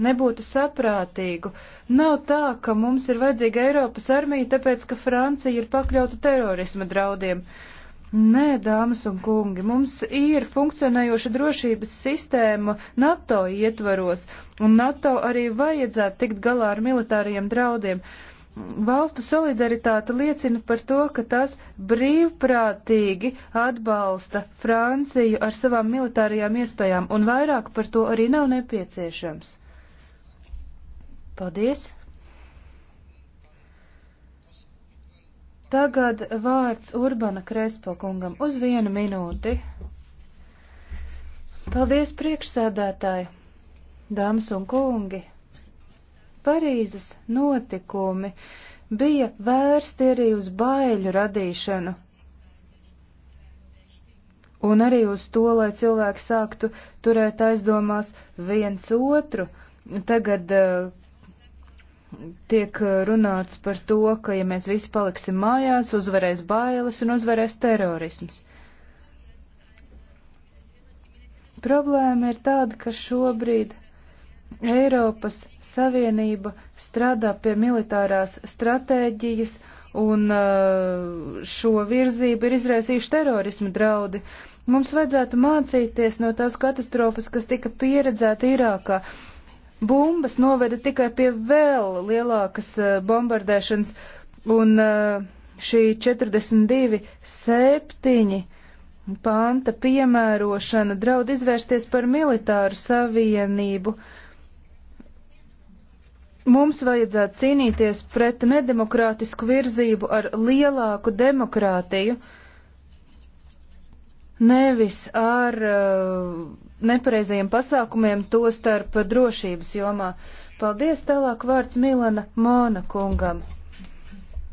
nebūtu saprātīgu. Nav tā, ka mums ir vajadzīga Eiropas armija, tāpēc, ka Francija ir pakļauta terorisma draudiem. Uh, Nē, dāmas un kungi, mums ir funkcionējoša drošības sistēma NATO ietvaros, un NATO arī vajadzētu tikt galā ar militāriem draudiem. Valstu solidaritāte liecina par to, ka tās brīvprātīgi atbalsta Franciju ar savām militārajām iespējām, un vairāk par to arī nav nepieciešams. Paldies! Tagad vārds Urbana Krespo kungam uz vienu minūti. Paldies priekšsēdētāji, dāmas un kungi. Parīzes notikumi bija vērsti arī uz baiļu radīšanu un arī uz to, lai cilvēki sāktu turēt aizdomās viens otru. Tagad uh, tiek eh, runāts par to, ka ja mēs visi paliksim mājās, uzvarēs bailes un uzvarēs terorisms. Problēma ir tāda, ka šobrīd Eiropas Savienība strādā pie militārās stratēģijas, un eh, šo virzību ir izraisījuši terorismu draudi. Mums vajadzētu mācīties no tās katastrofas, kas tika pieredzēta Irākā. Bumbas noveda tikai pie vēl lielākas eh, bombardēšanas, un eh, šī 42.7. panta piemērošana draud izvērsties par militāru savienību. Mums vajadzētu cīnīties pret nedemokrātisku virzību ar lielāku demokrātiju, nevis ar uh, nepareizajiem pasākumiem, to starp drošības jomā. Paldies, tālāk vārds Milana Mona kungam.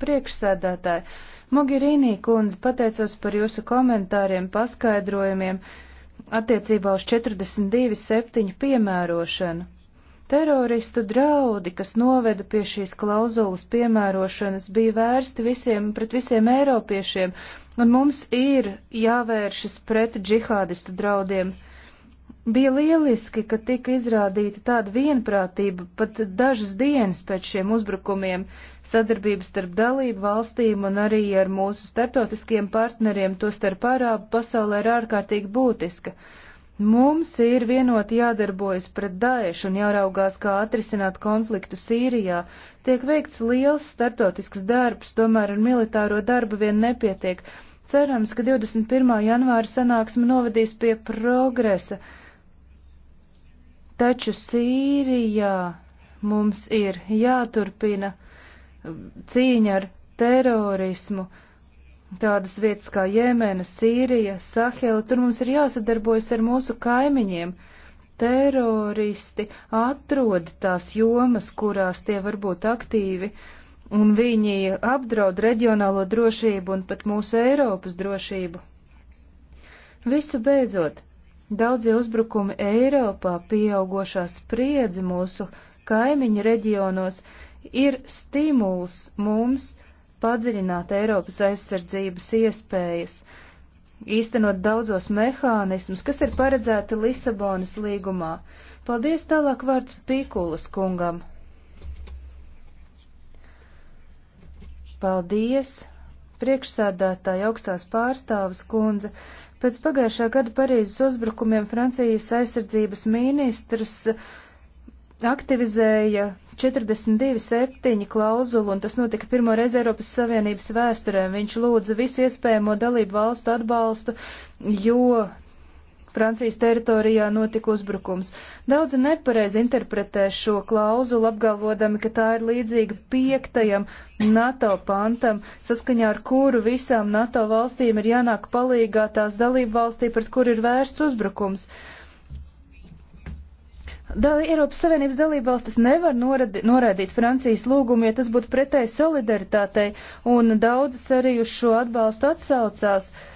Priekšsēdētāji, Mogirīnī kundze, pateicos par jūsu komentāriem, paskaidrojumiem attiecībā uz 42.7 piemērošanu. Teroristu draudi, kas noveda pie šīs klauzulas piemērošanas, bija vērsti visiem pret visiem eiropiešiem, un mums ir jāvēršas pret džihādistu draudiem. Bija lieliski, ka tika izrādīta tāda vienprātība pat dažas dienas pēc šiem uzbrukumiem sadarbības starp dalību valstīm un arī ar mūsu starptautiskiem partneriem, to starp ārābu pasaulē ir ārkārtīgi būtiska. Mums ir vienoti jādarbojas pret Daešu un jāraugās, kā atrisināt konfliktu Sīrijā. Tiek veikts liels starptautisks darbs, tomēr ar militāro darbu vien nepietiek. Cerams, ka 21. janvāra sanāksme novadīs pie progresa Taču Sīrijā mums ir jāturpina um, cīņa ar terorismu. Tādas vietas kā Jēmena, Sīrija, Sahela, tur mums ir jāsadarbojas ar mūsu kaimiņiem. Teroristi atrod tās jomas, kurās tie var būt aktīvi, un viņi apdraud reģionālo drošību un pat mūsu Eiropas drošību. Visu beidzot, Daudzie uzbrukumi Eiropā, pieaugošā spriedze mūsu kaimiņu reģionos ir stimuls mums padziļināt Eiropas aizsardzības iespējas, īstenot daudzos mehānismus, kas ir paredzēti Lisabonas līgumā. Paldies tālāk vārds Pīkulas kungam. Paldies! priekšsēdētāja augstās pārstāvas kundze. Pēc pagājušā gada Parīzes uzbrukumiem Francijas aizsardzības ministrs aktivizēja 42.7. klauzulu, un tas notika pirmo reizi Eiropas Savienības vēsturē. Viņš lūdza visu iespējamo dalību valstu atbalstu, jo Francijas teritorijā notika uzbrukums. Daudzi nepareizi interpretē šo klauzulu, apgalvodami, ka tā ir līdzīga piektajam NATO pantam, saskaņā ar kuru visām NATO valstīm ir jānāk palīgā tās dalību valstī, pret kur ir vērsts uzbrukums. Dali, Eiropas Savienības dalībvalstis nevar noradi, noraidīt Francijas lūgumu, ja tas būtu pretēji solidaritātei, un daudzas arī uz šo atbalstu atsaucās. Uh,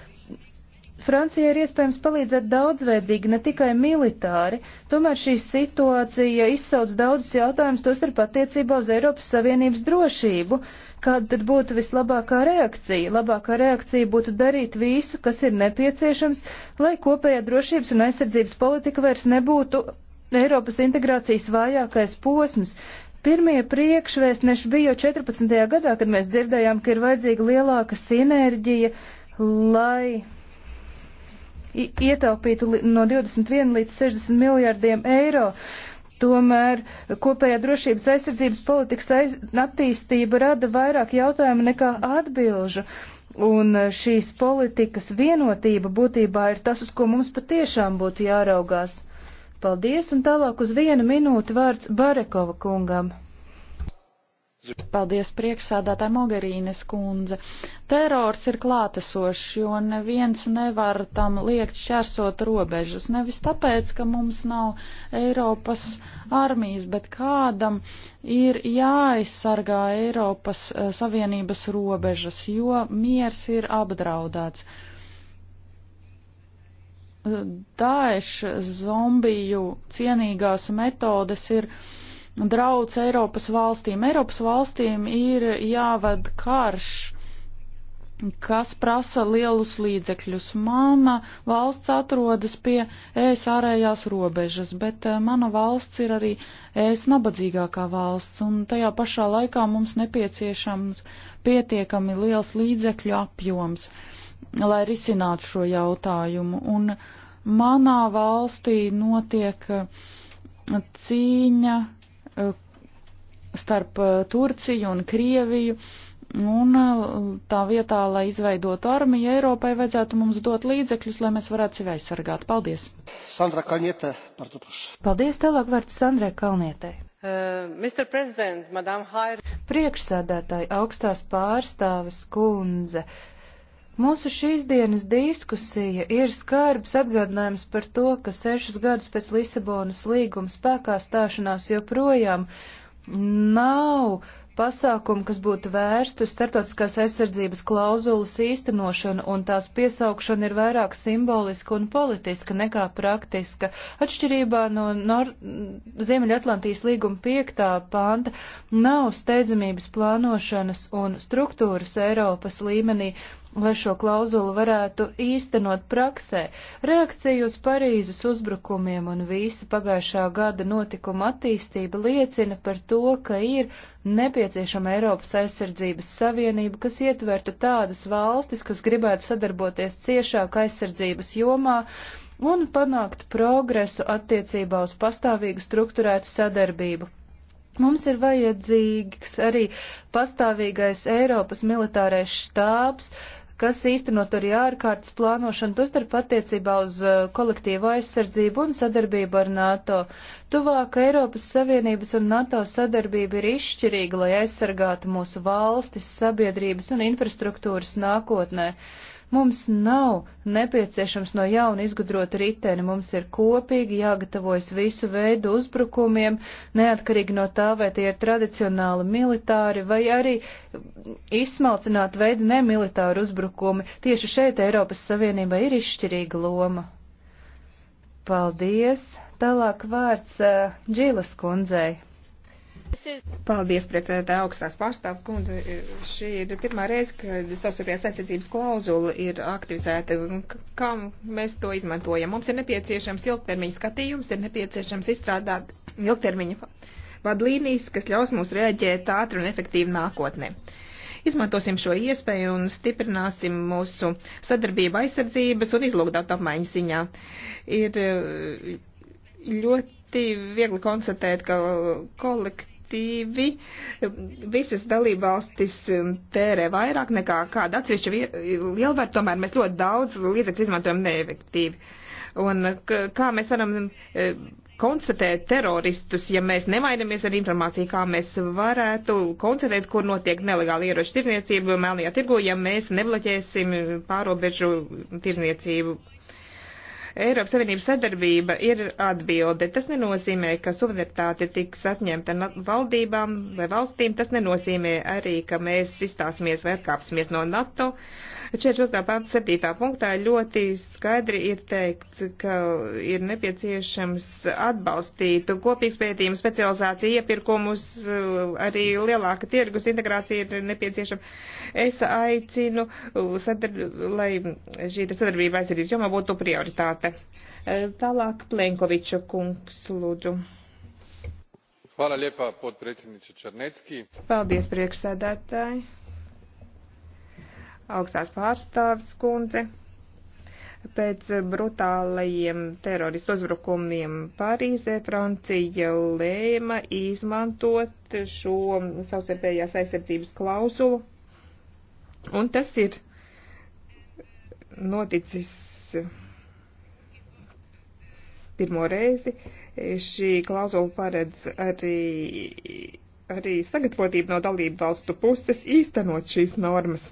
Francijai ir iespējams palīdzēt daudzveidīgi, ne tikai militāri, tomēr šī situācija izsauc daudzus jautājumus, tos ir attiecībā uz Eiropas Savienības drošību. Kāda tad būtu vislabākā reakcija? Labākā reakcija būtu darīt visu, kas ir nepieciešams, lai kopējā drošības un aizsardzības politika vairs nebūtu Eiropas integrācijas vājākais posms, Pirmie priekšvēstneši bija jau 14. gadā, kad mēs dzirdējām, ka ir vajadzīga lielāka sinerģija, lai ietaupītu no 21 līdz 60 miljārdiem eiro. Tomēr kopējā drošības aizsardzības politikas aiz, attīstība rada vairāk jautājumu nekā atbilžu. Un e, šīs politikas vienotība būtībā ir tas, uz ko mums patiešām būtu jāraugās. Paldies, un tālāk uz vienu minūti vārds Barekova kungam. Paldies priekšsādātāji Mogarīnes kundze. Terors ir klātesošs, jo neviens nevar tam liekt šķērsot robežas. Nevis tāpēc, ka mums nav Eiropas armijas, bet kādam ir jāaizsargā Eiropas eh, Savienības robežas, jo miers ir apdraudēts. Daesh zombiju cienīgās metodes ir drauds Eiropas valstīm. Eiropas valstīm ir jāved karš, kas prasa lielus līdzekļus. Mana valsts atrodas pie ēs ārējās robežas, bet eh, mana valsts ir arī ēs nabadzīgākā valsts, un tajā pašā laikā mums nepieciešams pietiekami liels līdzekļu apjoms, lai risinātu šo jautājumu. Un manā valstī notiek eh, cīņa Eh, starp eh, Turciju un Krieviju. Un eh, tā vietā, lai izveidotu armiju Eiropai, vajadzētu mums dot līdzekļus, lai mēs varētu sevi aizsargāt. Paldies! Sandra Kalnietē, pārtupuši. Paldies, tālāk vārds Sandrai Kalnietē. Uh, Priekšsēdētāji augstās pārstāves kundze. Uh, Mūsu šīs dienas diskusija ir skarbs atgādinājums par to, ka sešus gadus pēc Lisabonas līguma spēkā stāšanās joprojām nav pasākumu, kas būtu vērstu starptautiskās aizsardzības klauzulas īstenošanu un tās piesaukšana ir vairāk simboliska un politiska nekā praktiska. Atšķirībā no Nor Ziemeļatlantijas līguma piektā panta nav steidzamības plānošanas un struktūras Eiropas līmenī, lai šo klauzulu varētu īstenot praksē. Reakcija uz Parīzes uzbrukumiem un visa pagājušā gada notikuma attīstība liecina par to, ka ir nepieciešams nepieciešama Eiropas aizsardzības savienība, kas ietvertu tādas valstis, kas gribētu sadarboties ciešāk aizsardzības jomā un panākt progresu attiecībā uz pastāvīgu struktūrētu sadarbību. Mums ir vajadzīgs arī pastāvīgais Eiropas militārais štābs, kas īstenot arī ārkārtas plānošanu, tostarp attiecībā uz uh, kolektīvu aizsardzību un sadarbību ar NATO. Tuvāka Eiropas Savienības un NATO sadarbība ir izšķirīga, lai aizsargātu mūsu valstis, sabiedrības un infrastruktūras nākotnē. Mums nav nepieciešams no jauna izgudrot riteni, mums ir kopīgi jāgatavojas visu veidu uzbrukumiem, neatkarīgi no tā, vai tie ir tradicionāli militāri vai arī izsmalcināt veidu nemilitāru uzbrukumi. Tieši šeit Eiropas Savienībai ir izšķirīga loma. Paldies! Tālāk vārds uh, Džilas kundzei. Paldies, priekšsēdētāja augstās pārstāvs kundze. Šī ir pirmā reize, kad savstarpējās aizsardzības klauzula ir aktivizēta. Kā mēs to izmantojam? Mums ir nepieciešams ilgtermiņa skatījums, ir nepieciešams izstrādāt ilgtermiņa vadlīnijas, kas ļaus mums reaģēt ātri un efektīvi nākotnē. Izmantosim šo iespēju un stiprināsim mūsu sadarbību aizsardzības un izlūgdātu apmaiņas ziņā. Ir eh, ļoti viegli konstatēt, ka kolektīvi efektīvi. Visas dalībvalstis um, tērē vairāk nekā kāda atsevišķa lielvara, tomēr mēs ļoti daudz līdzekļu izmantojam neefektīvi. Un uh, kā mēs varam um, konstatēt teroristus, ja mēs nemainamies ar informāciju, kā mēs varētu konstatēt, kur notiek nelegāla ieroču tirzniecība melnajā tirgu, ja mēs neblaķēsim um, pārobežu tirzniecību Eiropas Savienības sadarbība ir atbilde. Tas nenozīmē, ka suverenitāte tiks atņemta valdībām vai valstīm. Tas nenozīmē arī, ka mēs izstāsimies vai atkāpsimies no NATO. Uh, 46. pānta 7. punktā ļoti skaidri ir teikts, ka ir nepieciešams atbalstīt kopīgs pētījums, specializācija, iepirkumus, arī lielāka tirgus integrācija ir nepieciešama. Es aicinu, sadar, lai šī sadarbība aizsardzības jomā būtu prioritāte. Tālāk Plenkoviča kungs, lūdzu. Hvala lijepa, potpredsjedniče Črnecki. Paldies, priekšsēdētāji augstās pārstāvis kundze. Pēc brutālajiem teroristu uzbrukumiem Parīzē Francija lēma izmantot šo savstarpējās aizsardzības klauzulu. Un tas ir noticis pirmo reizi. Šī klauzula paredz arī, arī sagatavotību no dalību valstu puses īstenot šīs normas.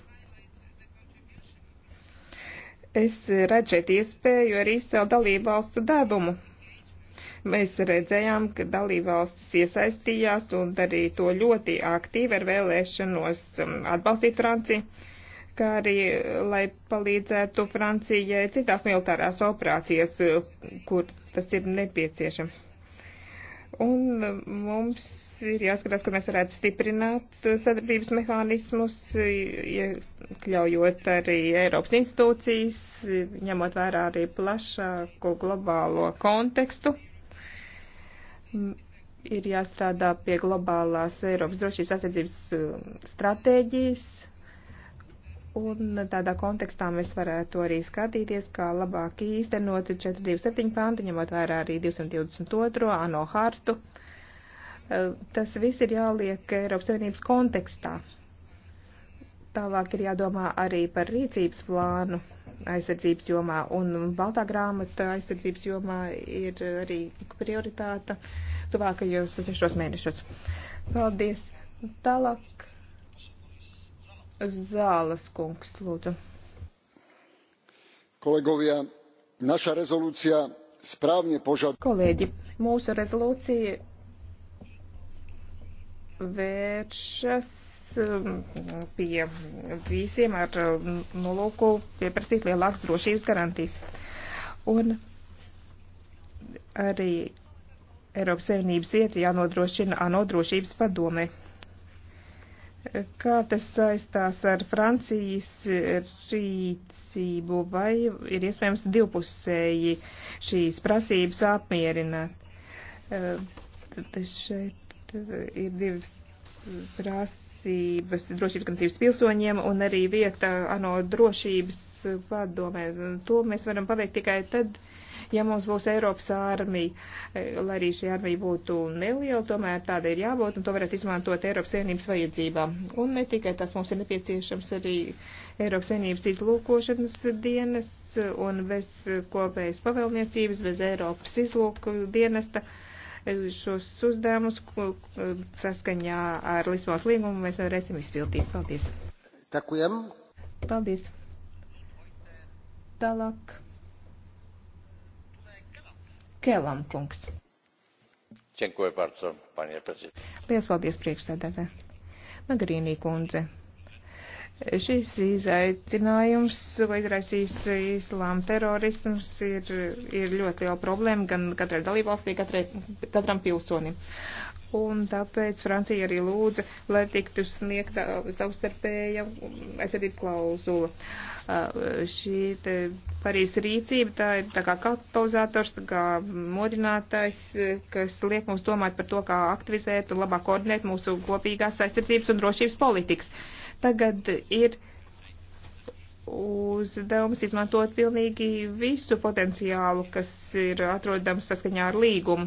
Es redzu šeit iespēju arī izcelt dalību valstu devumu. Mēs redzējām, ka dalību valstis iesaistījās un arī to ļoti aktīvi ar vēlēšanos um, atbalstīt Franciju, kā arī, uh, lai palīdzētu Francijai citās militārās operācijas, uh, kur tas ir nepieciešams. Un mums ir jāskatās, kur mēs varētu stiprināt sadarbības mehānismus, iekļaujot arī Eiropas institūcijas, ņemot vērā arī plašāku globālo kontekstu. Ir jāstrādā pie globālās Eiropas drošības aizsardzības um, stratēģijas, Un tādā kontekstā mēs varētu arī skatīties, kā labāk īstenot 427 pāntu, ņemot vērā arī 222. ANO hartu. E, tas viss ir jāliek Eiropas Savienības kontekstā. Tālāk ir jādomā arī par rīcības plānu aizsardzības jomā, un Baltā grāmata aizsardzības jomā ir arī prioritāte tuvākajos sešos mēnešos. Paldies! Tālāk Zāles kungs, lūdzu. Kolegovia, naša rezolūcija správne požaduje. Kolēģi, mūsu rezolūcija vēršas um, pie visiem ar um, nolūku pieprasīt lielākas drošības garantijas. Un arī Eiropas Savienības iet jānodrošina ANO drošības padomē. Kā tas saistās ar Francijas rīcību, vai ir iespējams divpusēji šīs prasības apmierināt? Tas šeit ir divas prasības drošības garantības pilsoņiem un arī vieta ANO drošības padomē. To mēs varam paveikt tikai tad, ja mums būs Eiropas armija. E, lai arī šī armija būtu neliela, tomēr tāda ir jābūt, un to varētu izmantot Eiropas Savienības vajadzībām. Un ne tikai tas mums ir nepieciešams arī Eiropas Savienības izlūkošanas dienas un bez kopējas pavēlniecības, bez Eiropas izlūku dienesta e, šos uzdevumus e, saskaņā ar Lisbonas līgumu mēs varēsim izpildīt. Paldies. Takujam. Paldies. Tālāk Kēlam kungs. Čenkoju pārco, panie prezidents. Lielas paldies priekšsēdētē. Magarīnī kundze. Šis izaicinājums, ko izraisīs islāma terorisms, ir, ir ļoti liela problēma gan katrai dalībvalstī, katrai, katram pilsonim. Un tāpēc Francija arī lūdza, lai tiktu sniegta savstarpēja aizsardzības klauzula. Šī Parīzes rīcība tā ir tā kā katalizators, tā kā modinātājs, kas liek mums domāt par to, kā aktivizēt un labāk koordinēt mūsu kopīgās aizsardzības un drošības politikas. Uh, Tagad ir uzdevums izmantot pilnīgi visu potenciālu, kas ir atrodams saskaņā ar līgumu.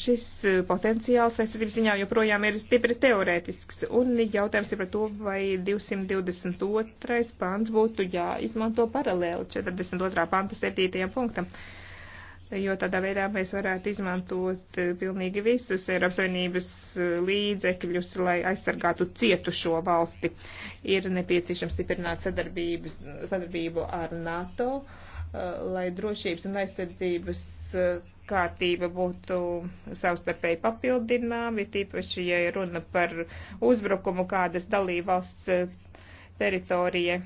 Šis potenciāls aizsardzības ziņā joprojām ir stipri teorētisks, un jautājums ir par to, vai 222. pants būtu jāizmanto paralēli 42. panta 7. punktam. Uh, jo tādā veidā mēs varētu izmantot eh, pilnīgi visus Eiropas Savienības eh, līdzekļus, lai aizsargātu cietušo valsti. Ir nepieciešams stiprināt sadarbību ar NATO, eh, lai drošības un aizsardzības kārtība būtu savstarpēji papildināmi, tīpaši, ja runa par uzbrukumu kādas dalībvalsts teritorija.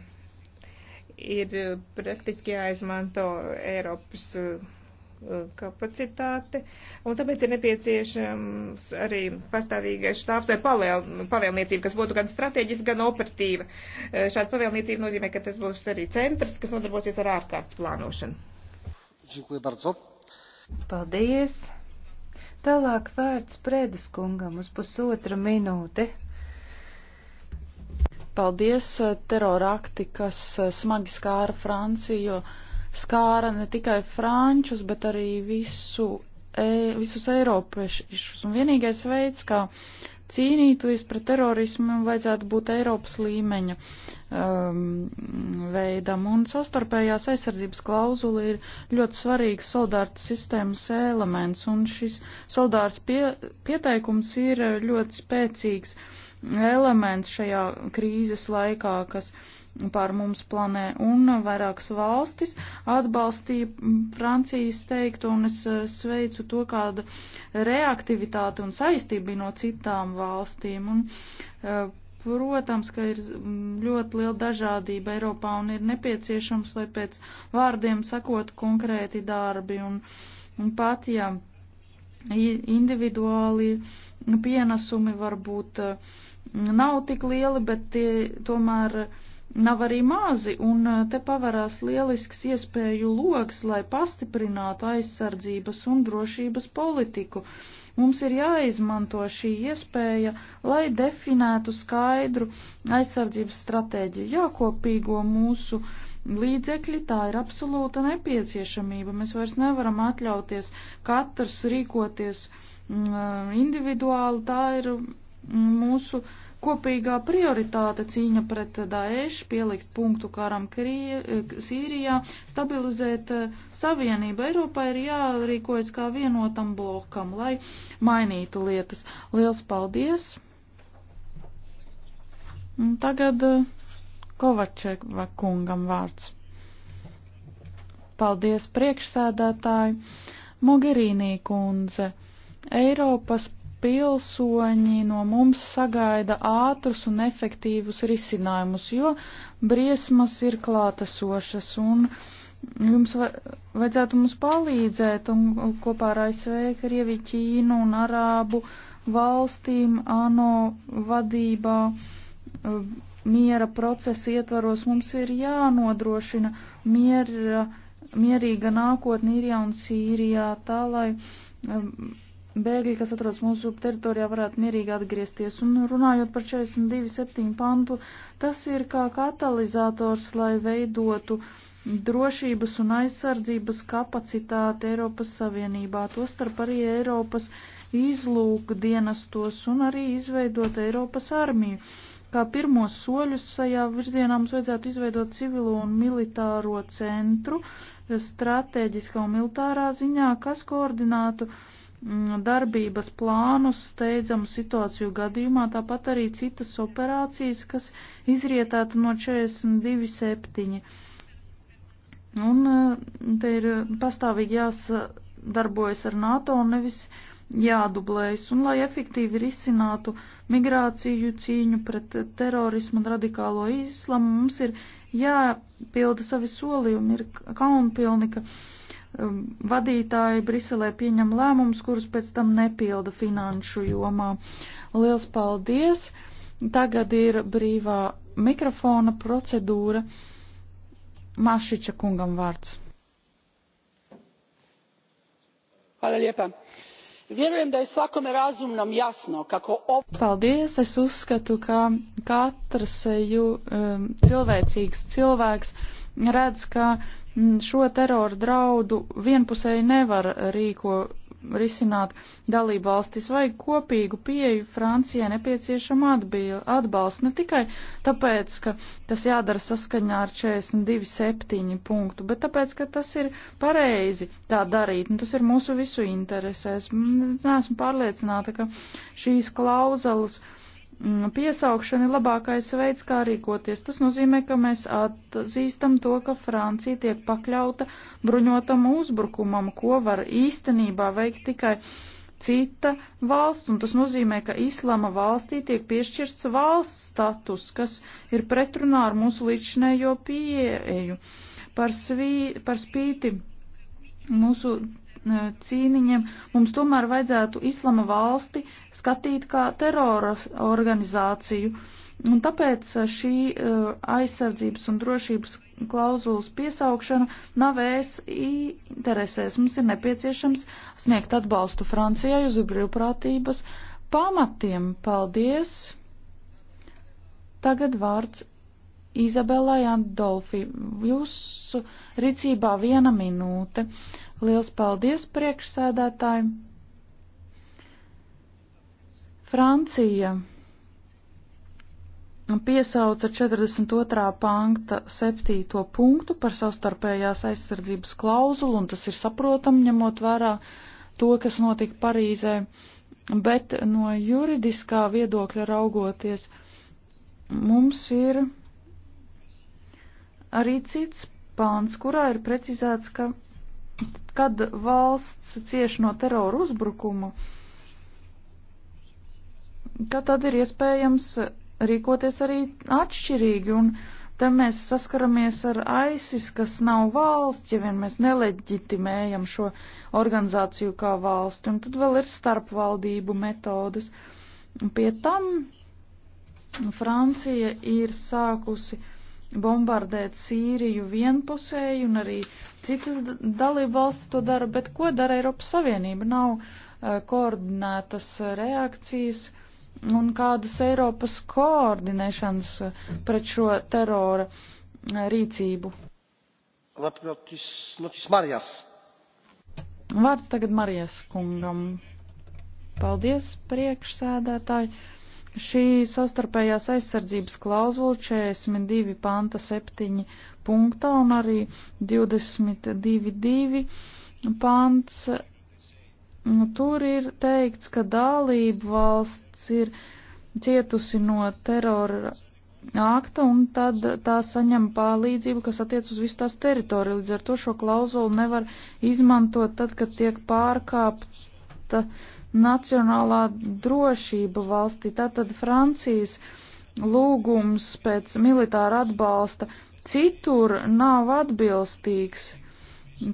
Ir praktiski jāizmanto Eiropas kapacitāte, un tāpēc ir nepieciešams arī pastāvīgais štābs vai palielniecība, kas būtu gan strateģiski, gan operatīva. E, šāda palielniecība nozīmē, ka tas būs arī centrs, kas nodarbosies ar ārkārtas plānošanu. Paldies! Tālāk vērts prēdes kungam uz pusotra minūte. Paldies, e, terorakti, kas e, smagi skāra Franciju. Uh, skāra ne tikai frančus, bet arī visu, e, visus eiropiešus. Un vienīgais veids, kā cīnīties pret terorismu, vajadzētu būt Eiropas līmeņa um, veidam. Un sastarpējās aizsardzības klauzula ir ļoti svarīgs soldārta sistēmas elements, un šis soldārs pie, pieteikums ir ļoti spēcīgs elements šajā krīzes laikā, kas uh, pār mums planē, un vairākas valstis atbalstīja Francijas teikto, un es eh, sveicu to, kāda reaktivitāte un saistība no citām valstīm. Un, eh, Protams, ka ir ļoti liela dažādība Eiropā un ir nepieciešams, lai pēc vārdiem sakotu konkrēti darbi. Un, un pat, ja individuāli pienesumi varbūt eh, nav tik lieli, bet tie tomēr uh, nav arī mazi, un uh, te pavarās lielisks iespēju loks, lai pastiprinātu aizsardzības un drošības politiku. Mums ir jāizmanto šī iespēja, lai definētu skaidru aizsardzības stratēģiju, jākopīgo mūsu līdzekļi, tā ir absolūta nepieciešamība. Mēs vairs nevaram atļauties katrs rīkoties mm, uh, individuāli, tā ir mm, mūsu uh, kopīgā prioritāte cīņa pret Daešu, pielikt punktu karam Krija, eh, Sīrijā, stabilizēt eh, savienību. Eiropā ir jārīkojas kā vienotam blokam, lai mainītu lietas. Liels paldies! Tagad eh, Kovačeva kungam vārds. Paldies priekšsēdētāji! Mogherīnī kundze! Eiropas pilsoņi no mums sagaida ātrus un efektīvus risinājumus, jo briesmas ir klātesošas un jums vajadzētu mums palīdzēt un kopā ar ASV, Krieviju, Ķīnu un Arābu valstīm ANO vadībā miera procesa ietvaros mums ir jānodrošina miera, mierīga nākotne Irijā un Sīrijā tā, lai um, bēgļi, kas atrodas mūsu teritorijā, varētu mierīgi atgriezties. Un runājot par 42.7. pantu, tas ir kā katalizators, lai veidotu drošības un aizsardzības kapacitāti Eiropas Savienībā, tostarp arī Eiropas izlūku dienestos un arī izveidot Eiropas armiju. Kā pirmos soļus šajā virzienā mums vajadzētu izveidot civilo un militāro centru stratēģiskā un militārā ziņā, kas koordinātu uh, Mm, darbības plānus steidzamu situāciju gadījumā, tāpat arī citas operācijas, kas izrietētu no 42.7. Un mm, te ir pastāvīgi jāsadarbojas ar NATO un nevis jādublējas, un lai efektīvi risinātu migrāciju, cīņu pret terorismu un radikālo islamu, mums ir jāpilda savi solījumi, ir kaunpilni, ka Um, vadītāji Briselē pieņem lēmumus, kurus pēc tam nepilda finanšu jomā. Liels paldies! Tagad ir brīvā mikrofona procedūra. Mašiča kungam vārds. Hvala lijepa. Vjerujem da je svakome razumnom jasno kako ovo... Paldies, es uzskatu, ka katrs ju, um, cilvēcīgs cilvēks redz, ka Mm, šo teroru draudu vienpusēji nevar rīko risināt dalību valstis vai kopīgu pieeju Francijai nepieciešama atbalsts ne tikai tāpēc, ka tas jādara saskaņā ar 42.7 punktu, bet tāpēc, ka tas ir pareizi tā darīt, un tas ir mūsu visu interesēs. Mm, es neesmu pārliecināta, ka šīs klauzulas. Uh, Mm, piesaukšana ir labākais veids, kā rīkoties. Tas nozīmē, ka mēs atzīstam to, ka Francija tiek pakļauta bruņotam uzbrukumam, ko var īstenībā veikt tikai cita valsts, un tas nozīmē, ka islama valstī tiek piešķirts valsts status, kas ir pretrunā ar mūsu līdzinējo pieeju. Par, svī, par spīti mūsu Uh, cīniņiem, mums tomēr vajadzētu islama valsti skatīt kā terora organizāciju. Un tāpēc uh, šī uh, aizsardzības un drošības klauzulas piesaukšana nav es interesēs. Mums ir nepieciešams sniegt atbalstu Francijai uz brīvprātības pamatiem. Paldies! Tagad vārds Izabelai Andolfi, jūsu rīcībā viena minūte. Liels paldies priekšsēdētāji. Francija piesauca 42. panta 7. punktu par savstarpējās aizsardzības klauzulu, un tas ir saprotam, ņemot vērā to, kas notika Parīzē, bet no juridiskā viedokļa raugoties, mums ir arī cits pāns, kurā ir precizēts, ka kad valsts cieš no terora uzbrukuma, ka tad ir iespējams rīkoties arī atšķirīgi, un te mēs saskaramies ar ISIS, kas nav valsts, ja vien mēs neleģitimējam šo organizāciju kā valsti, un tad vēl ir starpvaldību metodas. Pie tam Francija ir sākusi uh, bombardēt Sīriju vienpusēji un arī citas dalība valsts to dara, bet ko dara Eiropas Savienība? Nav uh, koordinētas e, reakcijas un kādas Eiropas koordinēšanas e, pret šo terora rīcību. Vārds tagad Marijas kungam. Paldies, priekšsēdētāji. Šī sastarpējās aizsardzības klauzula 42 panta 7 punktā un arī 22.2 pants. Nu, tur ir teikts, ka dalība valsts ir cietusi no terora akta un tad tā saņem palīdzību, kas attiec uz visu tās teritoriju. Līdz ar to šo klauzulu nevar izmantot tad, kad tiek pārkāpt jāatbalsta nacionālā drošība valstī. Tātad Francijas lūgums pēc militāra atbalsta citur nav atbilstīgs,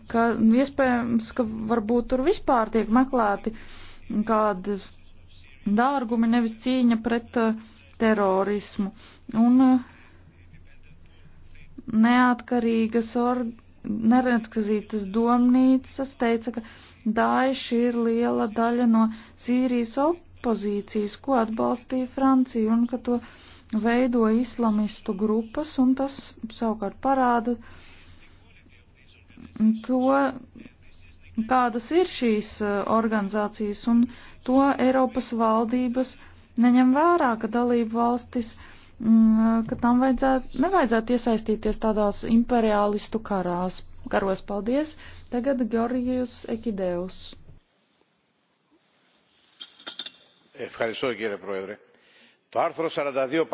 ka iespējams, ka varbūt tur vispār tiek meklēti kādi dārgumi, nevis cīņa pret uh, terorismu. Un uh, neatkarīgas, or, neatkazītas domnīcas teica, ka Daiši ir liela daļa no Sīrijas opozīcijas, ko atbalstīja Francija, un ka to veido islamistu grupas, un tas savukārt parāda to, kādas ir šīs uh, organizācijas, un to Eiropas valdības neņem vērā, ka dalību valstis mm, uh, ka tam vajadzētu, nevajadzētu iesaistīties tādās imperialistu karās karos. Paldies! Tagad Georgijus Ekideus. Ευχαριστώ κύριε Πρόεδρε. Το άρθρο 42...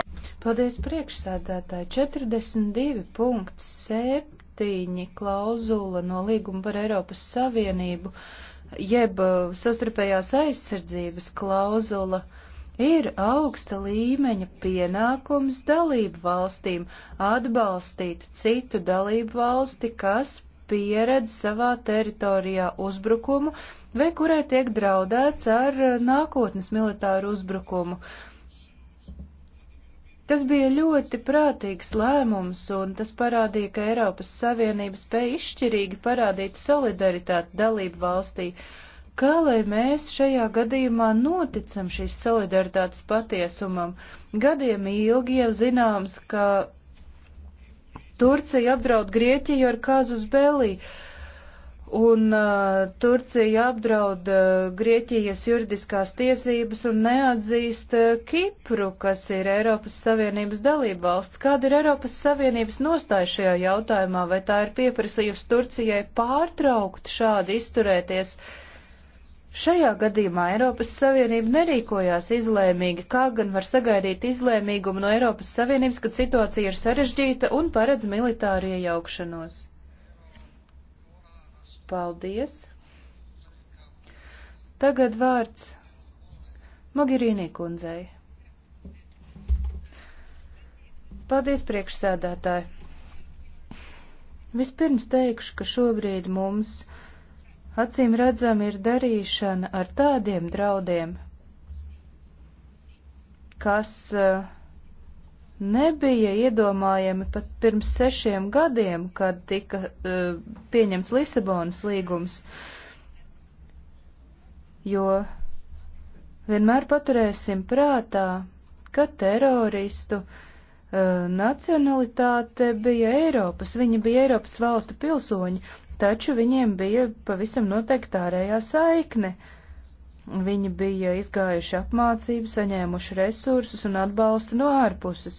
Paldies priekšsēdētāji. 42.7. klauzula no līguma par Eiropas Savienību, jeb uh, savstarpējās aizsardzības klauzula. Uh, ir augsta līmeņa pienākums dalību valstīm atbalstīt citu dalību valsti, kas pieredz savā teritorijā uzbrukumu vai kurai tiek draudēts ar eh, nākotnes militāru uzbrukumu. Tas bija ļoti prātīgs lēmums, un tas parādīja, ka Eiropas Savienība spēja izšķirīgi parādīt solidaritāti dalību valstī. Uh, kā lai mēs šajā gadījumā noticam šīs solidaritātes patiesumam. Gadiem ilgi jau zināms, ka Turcija apdraud Grieķiju ar kāzus belī, un uh, Turcija apdraud uh, Grieķijas juridiskās tiesības un neatzīst uh, Kipru, kas ir Eiropas Savienības dalība valsts. Kāda ir Eiropas Savienības nostāja šajā jautājumā? Vai tā ir pieprasījusi Turcijai pārtraukt šādi izturēties? Uh, Šajā gadījumā Eiropas Savienība nerīkojās izlēmīgi, kā gan var sagaidīt izlēmīgumu no Eiropas Savienības, kad situācija ir sarežģīta un paredz militāru iejaukšanos. Paldies! Tagad vārds Mogirīnī kundzei. Paldies, priekšsēdētāji! Vispirms teikšu, ka šobrīd mums acīm redzam ir darīšana ar tādiem draudiem, kas eh, nebija iedomājami pat pirms sešiem gadiem, kad tika eh, pieņemts Lisabonas līgums, jo vienmēr paturēsim prātā, ka teroristu eh, nacionalitāte bija Eiropas, viņi bija Eiropas valstu pilsoņi, taču viņiem bija pavisam noteikti ārējā saikne. Viņi bija izgājuši apmācību, saņēmuši resursus un atbalstu no ārpuses.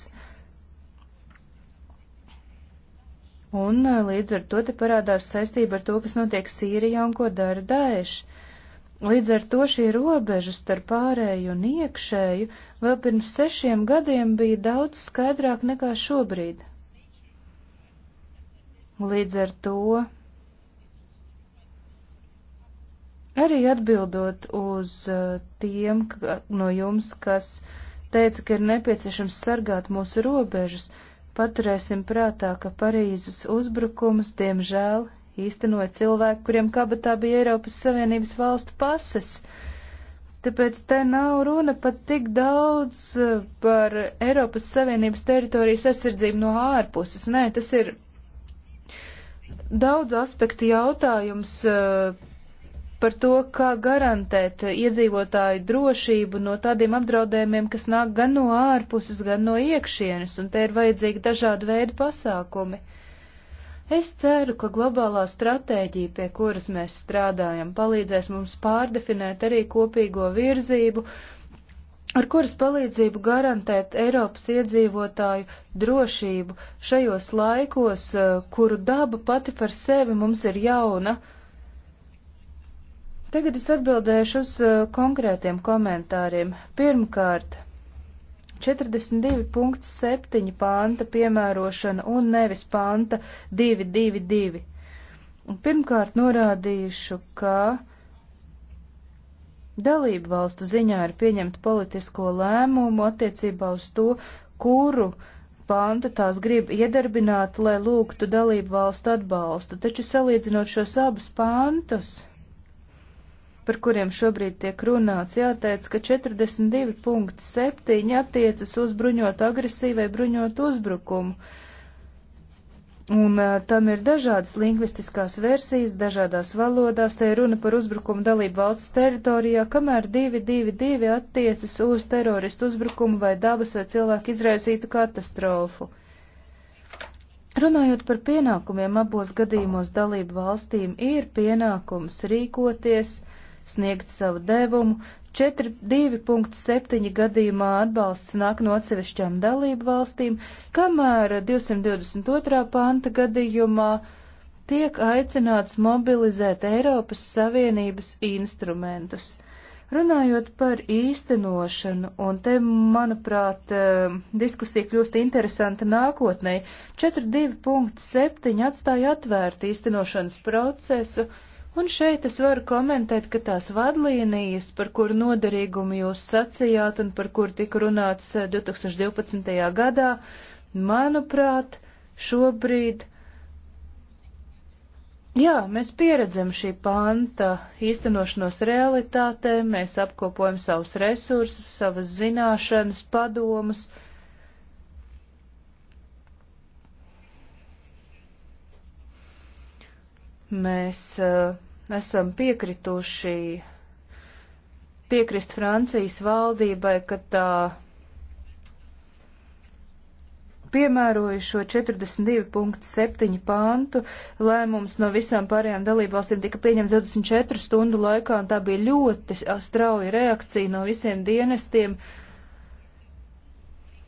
Un eh, līdz ar to te parādās saistība ar to, kas notiek Sīrijā un ko dara Daesh. Līdz ar to šī robeža starp pārēju un iekšēju vēl pirms sešiem gadiem bija daudz skaidrāk nekā šobrīd. Līdz ar to Arī atbildot uz eh, tiem ka, no jums, kas teica, ka ir nepieciešams sargāt mūsu robežas, paturēsim prātā, ka Parīzes uzbrukums, diemžēl, īstenoja cilvēki, kuriem kabatā bija Eiropas Savienības valstu pases. Tāpēc te nav runa pat tik daudz eh, par Eiropas Savienības teritorijas aizsardzību no ārpuses. Nē, tas ir daudz aspektu jautājums, eh, par to, kā garantēt iedzīvotāju drošību no tādiem apdraudējumiem, kas nāk gan no ārpuses, gan no iekšienes, un te ir vajadzīgi dažādi veidi pasākumi. Es ceru, ka globālā stratēģija, pie kuras mēs strādājam, palīdzēs mums pārdefinēt arī kopīgo virzību, ar kuras palīdzību garantēt Eiropas iedzīvotāju drošību šajos laikos, eh, kuru daba pati par sevi mums ir jauna Tagad es atbildēšu uz eh, konkrētiem komentāriem. Pirmkārt, 42.7 panta piemērošana un nevis panta 222. Pirmkārt, norādīšu, ka dalību valstu ziņā ir pieņemt politisko lēmumu attiecībā uz to, kuru pantu tās grib iedarbināt, lai lūgtu dalību valstu atbalstu. Taču salīdzinot šos abus pantus, par kuriem šobrīd tiek runāts, jāteic, ka 42.7 attiecas uz bruņot agresīvai bruņot uzbrukumu. Un uh, tam ir dažādas lingvistiskās versijas, dažādās valodās, te ir runa par uzbrukumu dalību valsts teritorijā, kamēr 222 attiecas uz teroristu uzbrukumu vai dabas vai cilvēku izraisītu katastrofu. Runājot par pienākumiem, abos gadījumos dalību valstīm ir pienākums rīkoties, uh, sniegt savu devumu. 4,2.7 gadījumā atbalsts nāk no atsevišķām dalību valstīm, kamēr 222. panta gadījumā tiek aicināts mobilizēt Eiropas Savienības instrumentus. Runājot par īstenošanu, un te, manuprāt, eh, diskusija kļūst interesanta nākotnē, 4.2.7 atstāja atvērtu īstenošanas procesu, uh, Un šeit es varu komentēt, ka tās vadlīnijas, par kur noderīgumu jūs sacījāt un par kur tika runāts 2012. Eh, gadā, manuprāt, šobrīd, jā, mēs pieredzam šī panta īstenošanos realitātē, mēs apkopojam savus resursus, savas zināšanas, padomus. Mēs uh, esam piekrituši piekrist Francijas valdībai, ka tā piemēroja šo 42.7 pāntu. Lēmums no visām pārējām dalībvalstīm tika pieņemts 24 stundu laikā, un tā bija ļoti strauja reakcija no visiem dienestiem.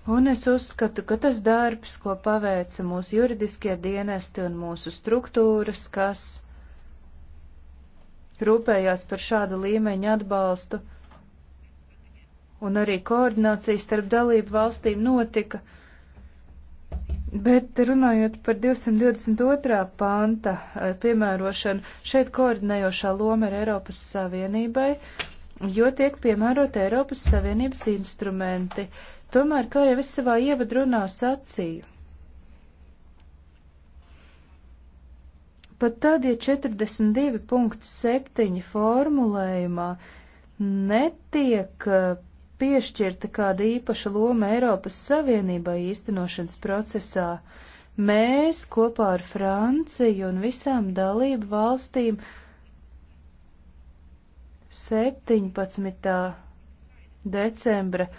Un es uzskatu, ka tas darbs, ko paveica mūsu juridiskie dienesti un mūsu struktūras, kas rūpējās par šādu līmeņu atbalstu, un arī koordinācija starp dalību valstīm notika. Bet runājot par 222. panta eh, piemērošanu, šeit koordinējošā loma ir Eiropas Savienībai, jo tiek piemērot Eiropas Savienības instrumenti. Tomēr, kā jau es savā ievadrunā sacīju, Pat tad, ja 42.7 formulējumā netiek eh, piešķirta kāda īpaša loma Eiropas Savienībai īstenošanas procesā, mēs kopā ar Franciju un visām dalību valstīm 17. decembra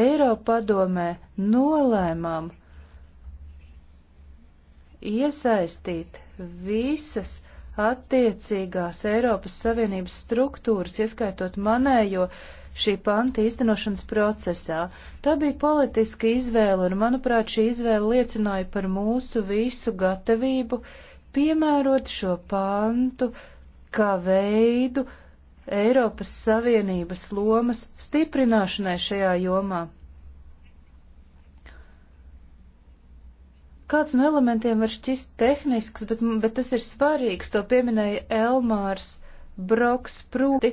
Eiropadomē nolēmām, iesaistīt visas attiecīgās Eiropas Savienības struktūras, ieskaitot manējo šī panta īstenošanas procesā. Tā bija politiska izvēle, un, manuprāt, šī izvēle liecināja par mūsu visu gatavību piemērot šo pantu kā veidu Eiropas Savienības lomas stiprināšanai šajā jomā. Kāds no elementiem var šķist tehnisks, bet, bet tas ir svarīgs, to pieminēja Elmārs Broks, proti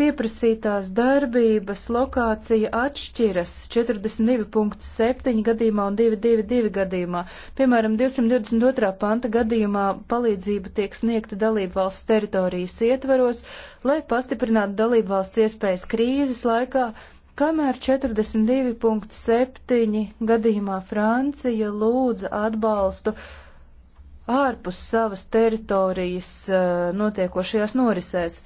pieprasītās darbības lokācija atšķiras 42.7 gadījumā un 222 gadījumā. Piemēram, 222. panta gadījumā palīdzība tiek sniegta dalību valsts teritorijas ietvaros, lai pastiprinātu dalību valsts iespējas krīzes laikā Kamēr 42.7 gadījumā Francija lūdza atbalstu ārpus savas teritorijas eh, notiekošajās norisēs,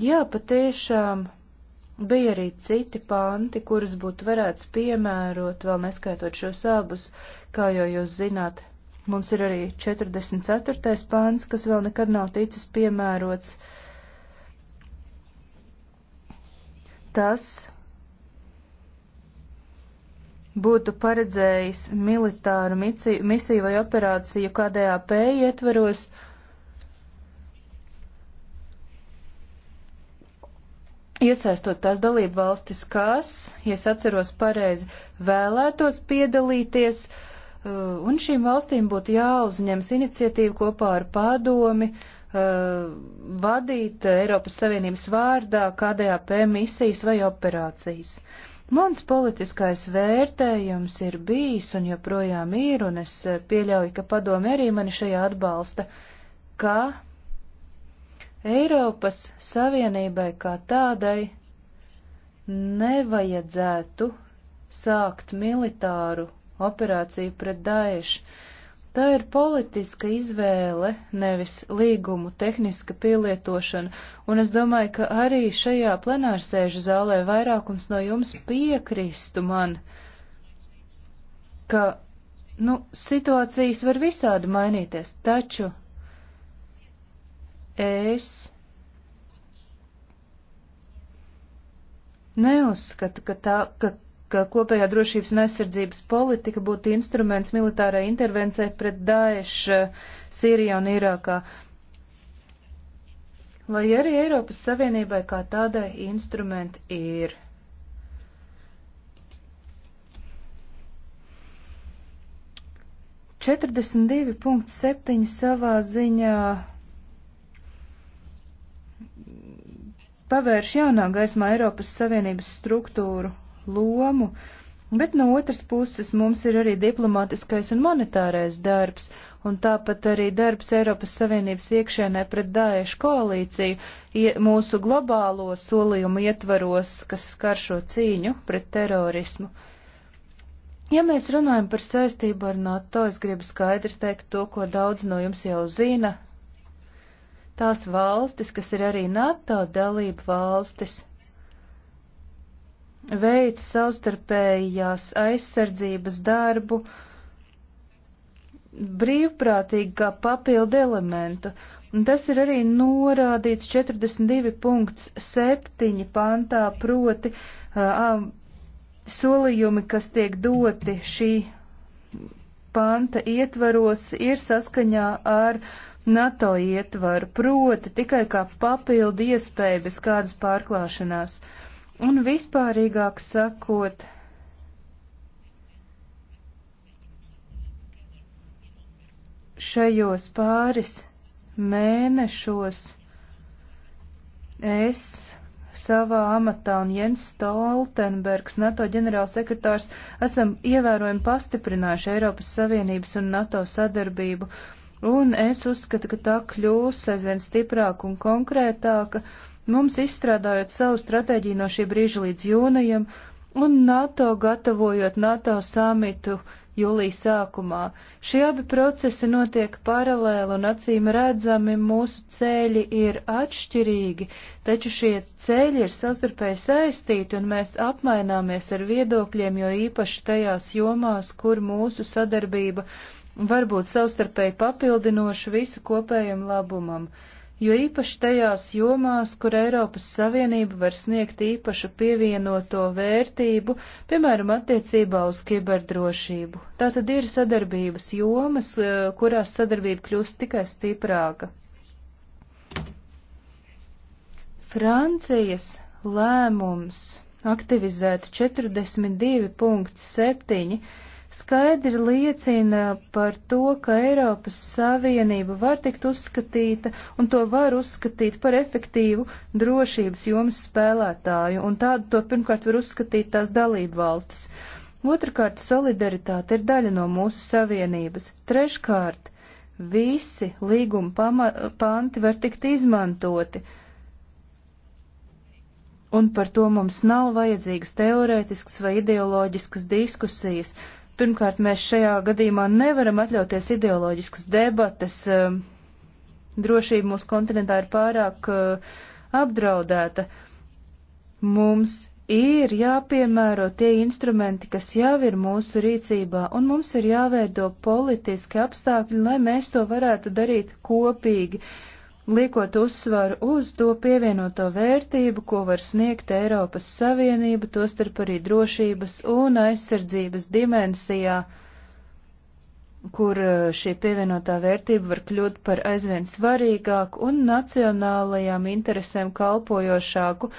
Jā, patiešām bija arī citi panti, kurus būtu varēts piemērot, vēl neskaitot šos abus, kā jau jūs zināt, Mums ir arī 44. pāns, kas vēl nekad nav ticis piemērots. Tas būtu paredzējis militāru misiju, misiju vai operāciju KDAP ietveros. Iesaistot tās dalību valstis, kas, ja es atceros pareizi, vēlētos piedalīties uh, Eh, un šīm valstīm būtu jāuzņems iniciatīva kopā ar pārdomi, eh, vadīt Eiropas Savienības vārdā KDAP misijas vai operācijas. Mans politiskais vērtējums ir bijis un joprojām ir, un es eh, pieļauju, ka padomi arī mani šajā atbalsta, ka Eiropas Savienībai kā tādai nevajadzētu sākt militāru operāciju pret Daešu. Tā ir politiska izvēle, nevis līgumu tehniska pielietošana, un es domāju, ka arī šajā plenārsēžu zālē vairākums no jums piekristu man, ka, nu, situācijas var visādi mainīties, taču es neuzskatu, ka tā, ka ka kopējā drošības un aizsardzības politika būtu instruments militārai intervencē pret Daešu Sīrijā un Irākā. Lai arī Eiropas Savienībai kā tādai instrumenti ir. Četrdesmit divi punkts septiņi savā ziņā pavērš jaunā gaismā Eiropas Savienības struktūru lomu. Bet no otras puses mums ir arī diplomātiskais un monetārais darbs, un tāpat arī darbs Eiropas Savienības iekšēnē pret Dāiešu koalīciju ie, mūsu globālo solījumu ietvaros, kas skar šo cīņu pret terorismu. Ja mēs runājam par saistību ar NATO, es gribu skaidri teikt to, ko daudz no jums jau zina. Tās valstis, kas ir arī NATO dalība valstis, veica savstarpējās aizsardzības darbu brīvprātīgi kā papildu elementu, un tas ir arī norādīts 42.7 pantā, proti uh, solījumi, kas tiek doti šī panta ietvaros, ir saskaņā ar NATO ietvaru, proti tikai kā papildu iespēju bez kādas pārklāšanās. Uh, Un vispārīgāk sakot, šajos pāris mēnešos es savā amatā un Jens Stoltenbergs, NATO ģenerālsekretārs, esam ievērojami pastiprinājuši Eiropas Savienības un NATO sadarbību, un es uzskatu, ka tā kļūs aizvien stiprāka un konkrētāka. Uh, Mums izstrādājot savu stratēģiju no šī brīža līdz jūnijam un NATO gatavojot NATO samitu jūlijas sākumā. Šie abi procesi notiek paralēli un acīm redzami mūsu ceļi ir atšķirīgi, taču šie ceļi ir savstarpēji saistīti un mēs apmaināmies ar viedokļiem, jo īpaši tajās jomās, kur mūsu sadarbība var būt savstarpēji papildinoša visu kopējam labumam jo īpaši tajās jomās, kur Eiropas Savienība var sniegt īpašu pievienoto vērtību, piemēram, attiecībā uz kiberdrošību. Tā tad ir sadarbības jomas, eh, kurās sadarbība kļūst tikai stiprāka. Francijas lēmums aktivizēt 42.7 skaidri liecina par to, ka Eiropas Savienība var tikt uzskatīta un to var uzskatīt par efektīvu drošības jomas spēlētāju, un tādu to pirmkārt var uzskatīt tās dalību valstis. Otrakārt, solidaritāte ir daļa no mūsu savienības. Treškārt, visi līguma panti var tikt izmantoti. Un par to mums nav vajadzīgas teorētiskas vai ideoloģiskas diskusijas, Pirmkārt, mēs šajā gadījumā nevaram atļauties ideoloģiskas debates. Um, drošība mūsu kontinentā ir pārāk uh, apdraudēta. Mums ir jāpiemēro tie instrumenti, kas jau ir mūsu rīcībā, un mums ir jāveido politiski apstākļi, lai mēs to varētu darīt kopīgi. Uh, liekot uzsvaru uz to pievienoto vērtību, ko var sniegt Eiropas Savienība, tostarp arī drošības un aizsardzības dimensijā, kur eh, šī pievienotā vērtība var kļūt par aizvien svarīgāku un nacionālajām interesēm kalpojošāku,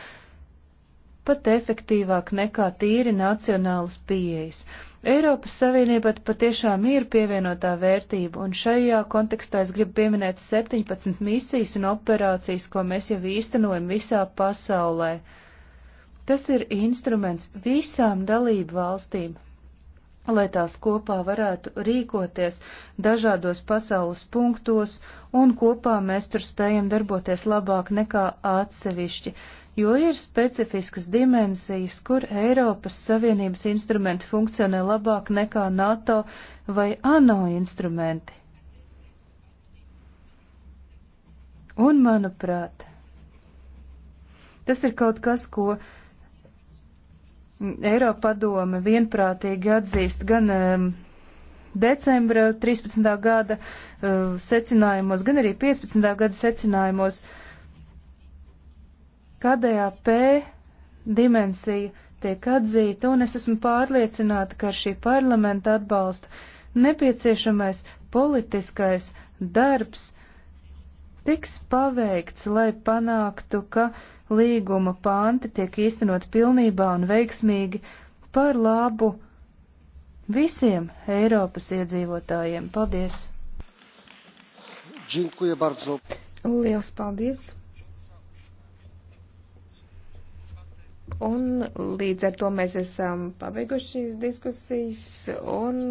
pat efektīvāk nekā tīri nacionālas pieejas. Eiropas Savienība patiešām ir pievienotā vērtība, un šajā kontekstā es gribu pieminēt 17 misijas un operācijas, ko mēs jau īstenojam visā pasaulē. Tas ir instruments visām dalību valstīm, lai tās kopā varētu rīkoties dažādos pasaules punktos, un kopā mēs tur spējam darboties labāk nekā atsevišķi. Uh, jo ir specifiskas dimensijas, kur Eiropas Savienības instrumenti funkcionē labāk nekā NATO vai ANO instrumenti. Un, manuprāt, tas ir kaut kas, ko Eiropa padome vienprātīgi atzīst gan um, decembra 13. gada uh, secinājumos, gan arī 15. gada secinājumos. Uh, KDAP dimensija tiek atzīta, un es esmu pārliecināta, ka ar šī parlamenta atbalstu nepieciešamais politiskais darbs tiks paveikts, lai panāktu, ka līguma panti tiek īstenot pilnībā un veiksmīgi par labu visiem Eiropas iedzīvotājiem. Paldies! Dziękuję bardzo. Liels paldies! Un līdz ar to mēs esam pabeiguši šīs diskusijas un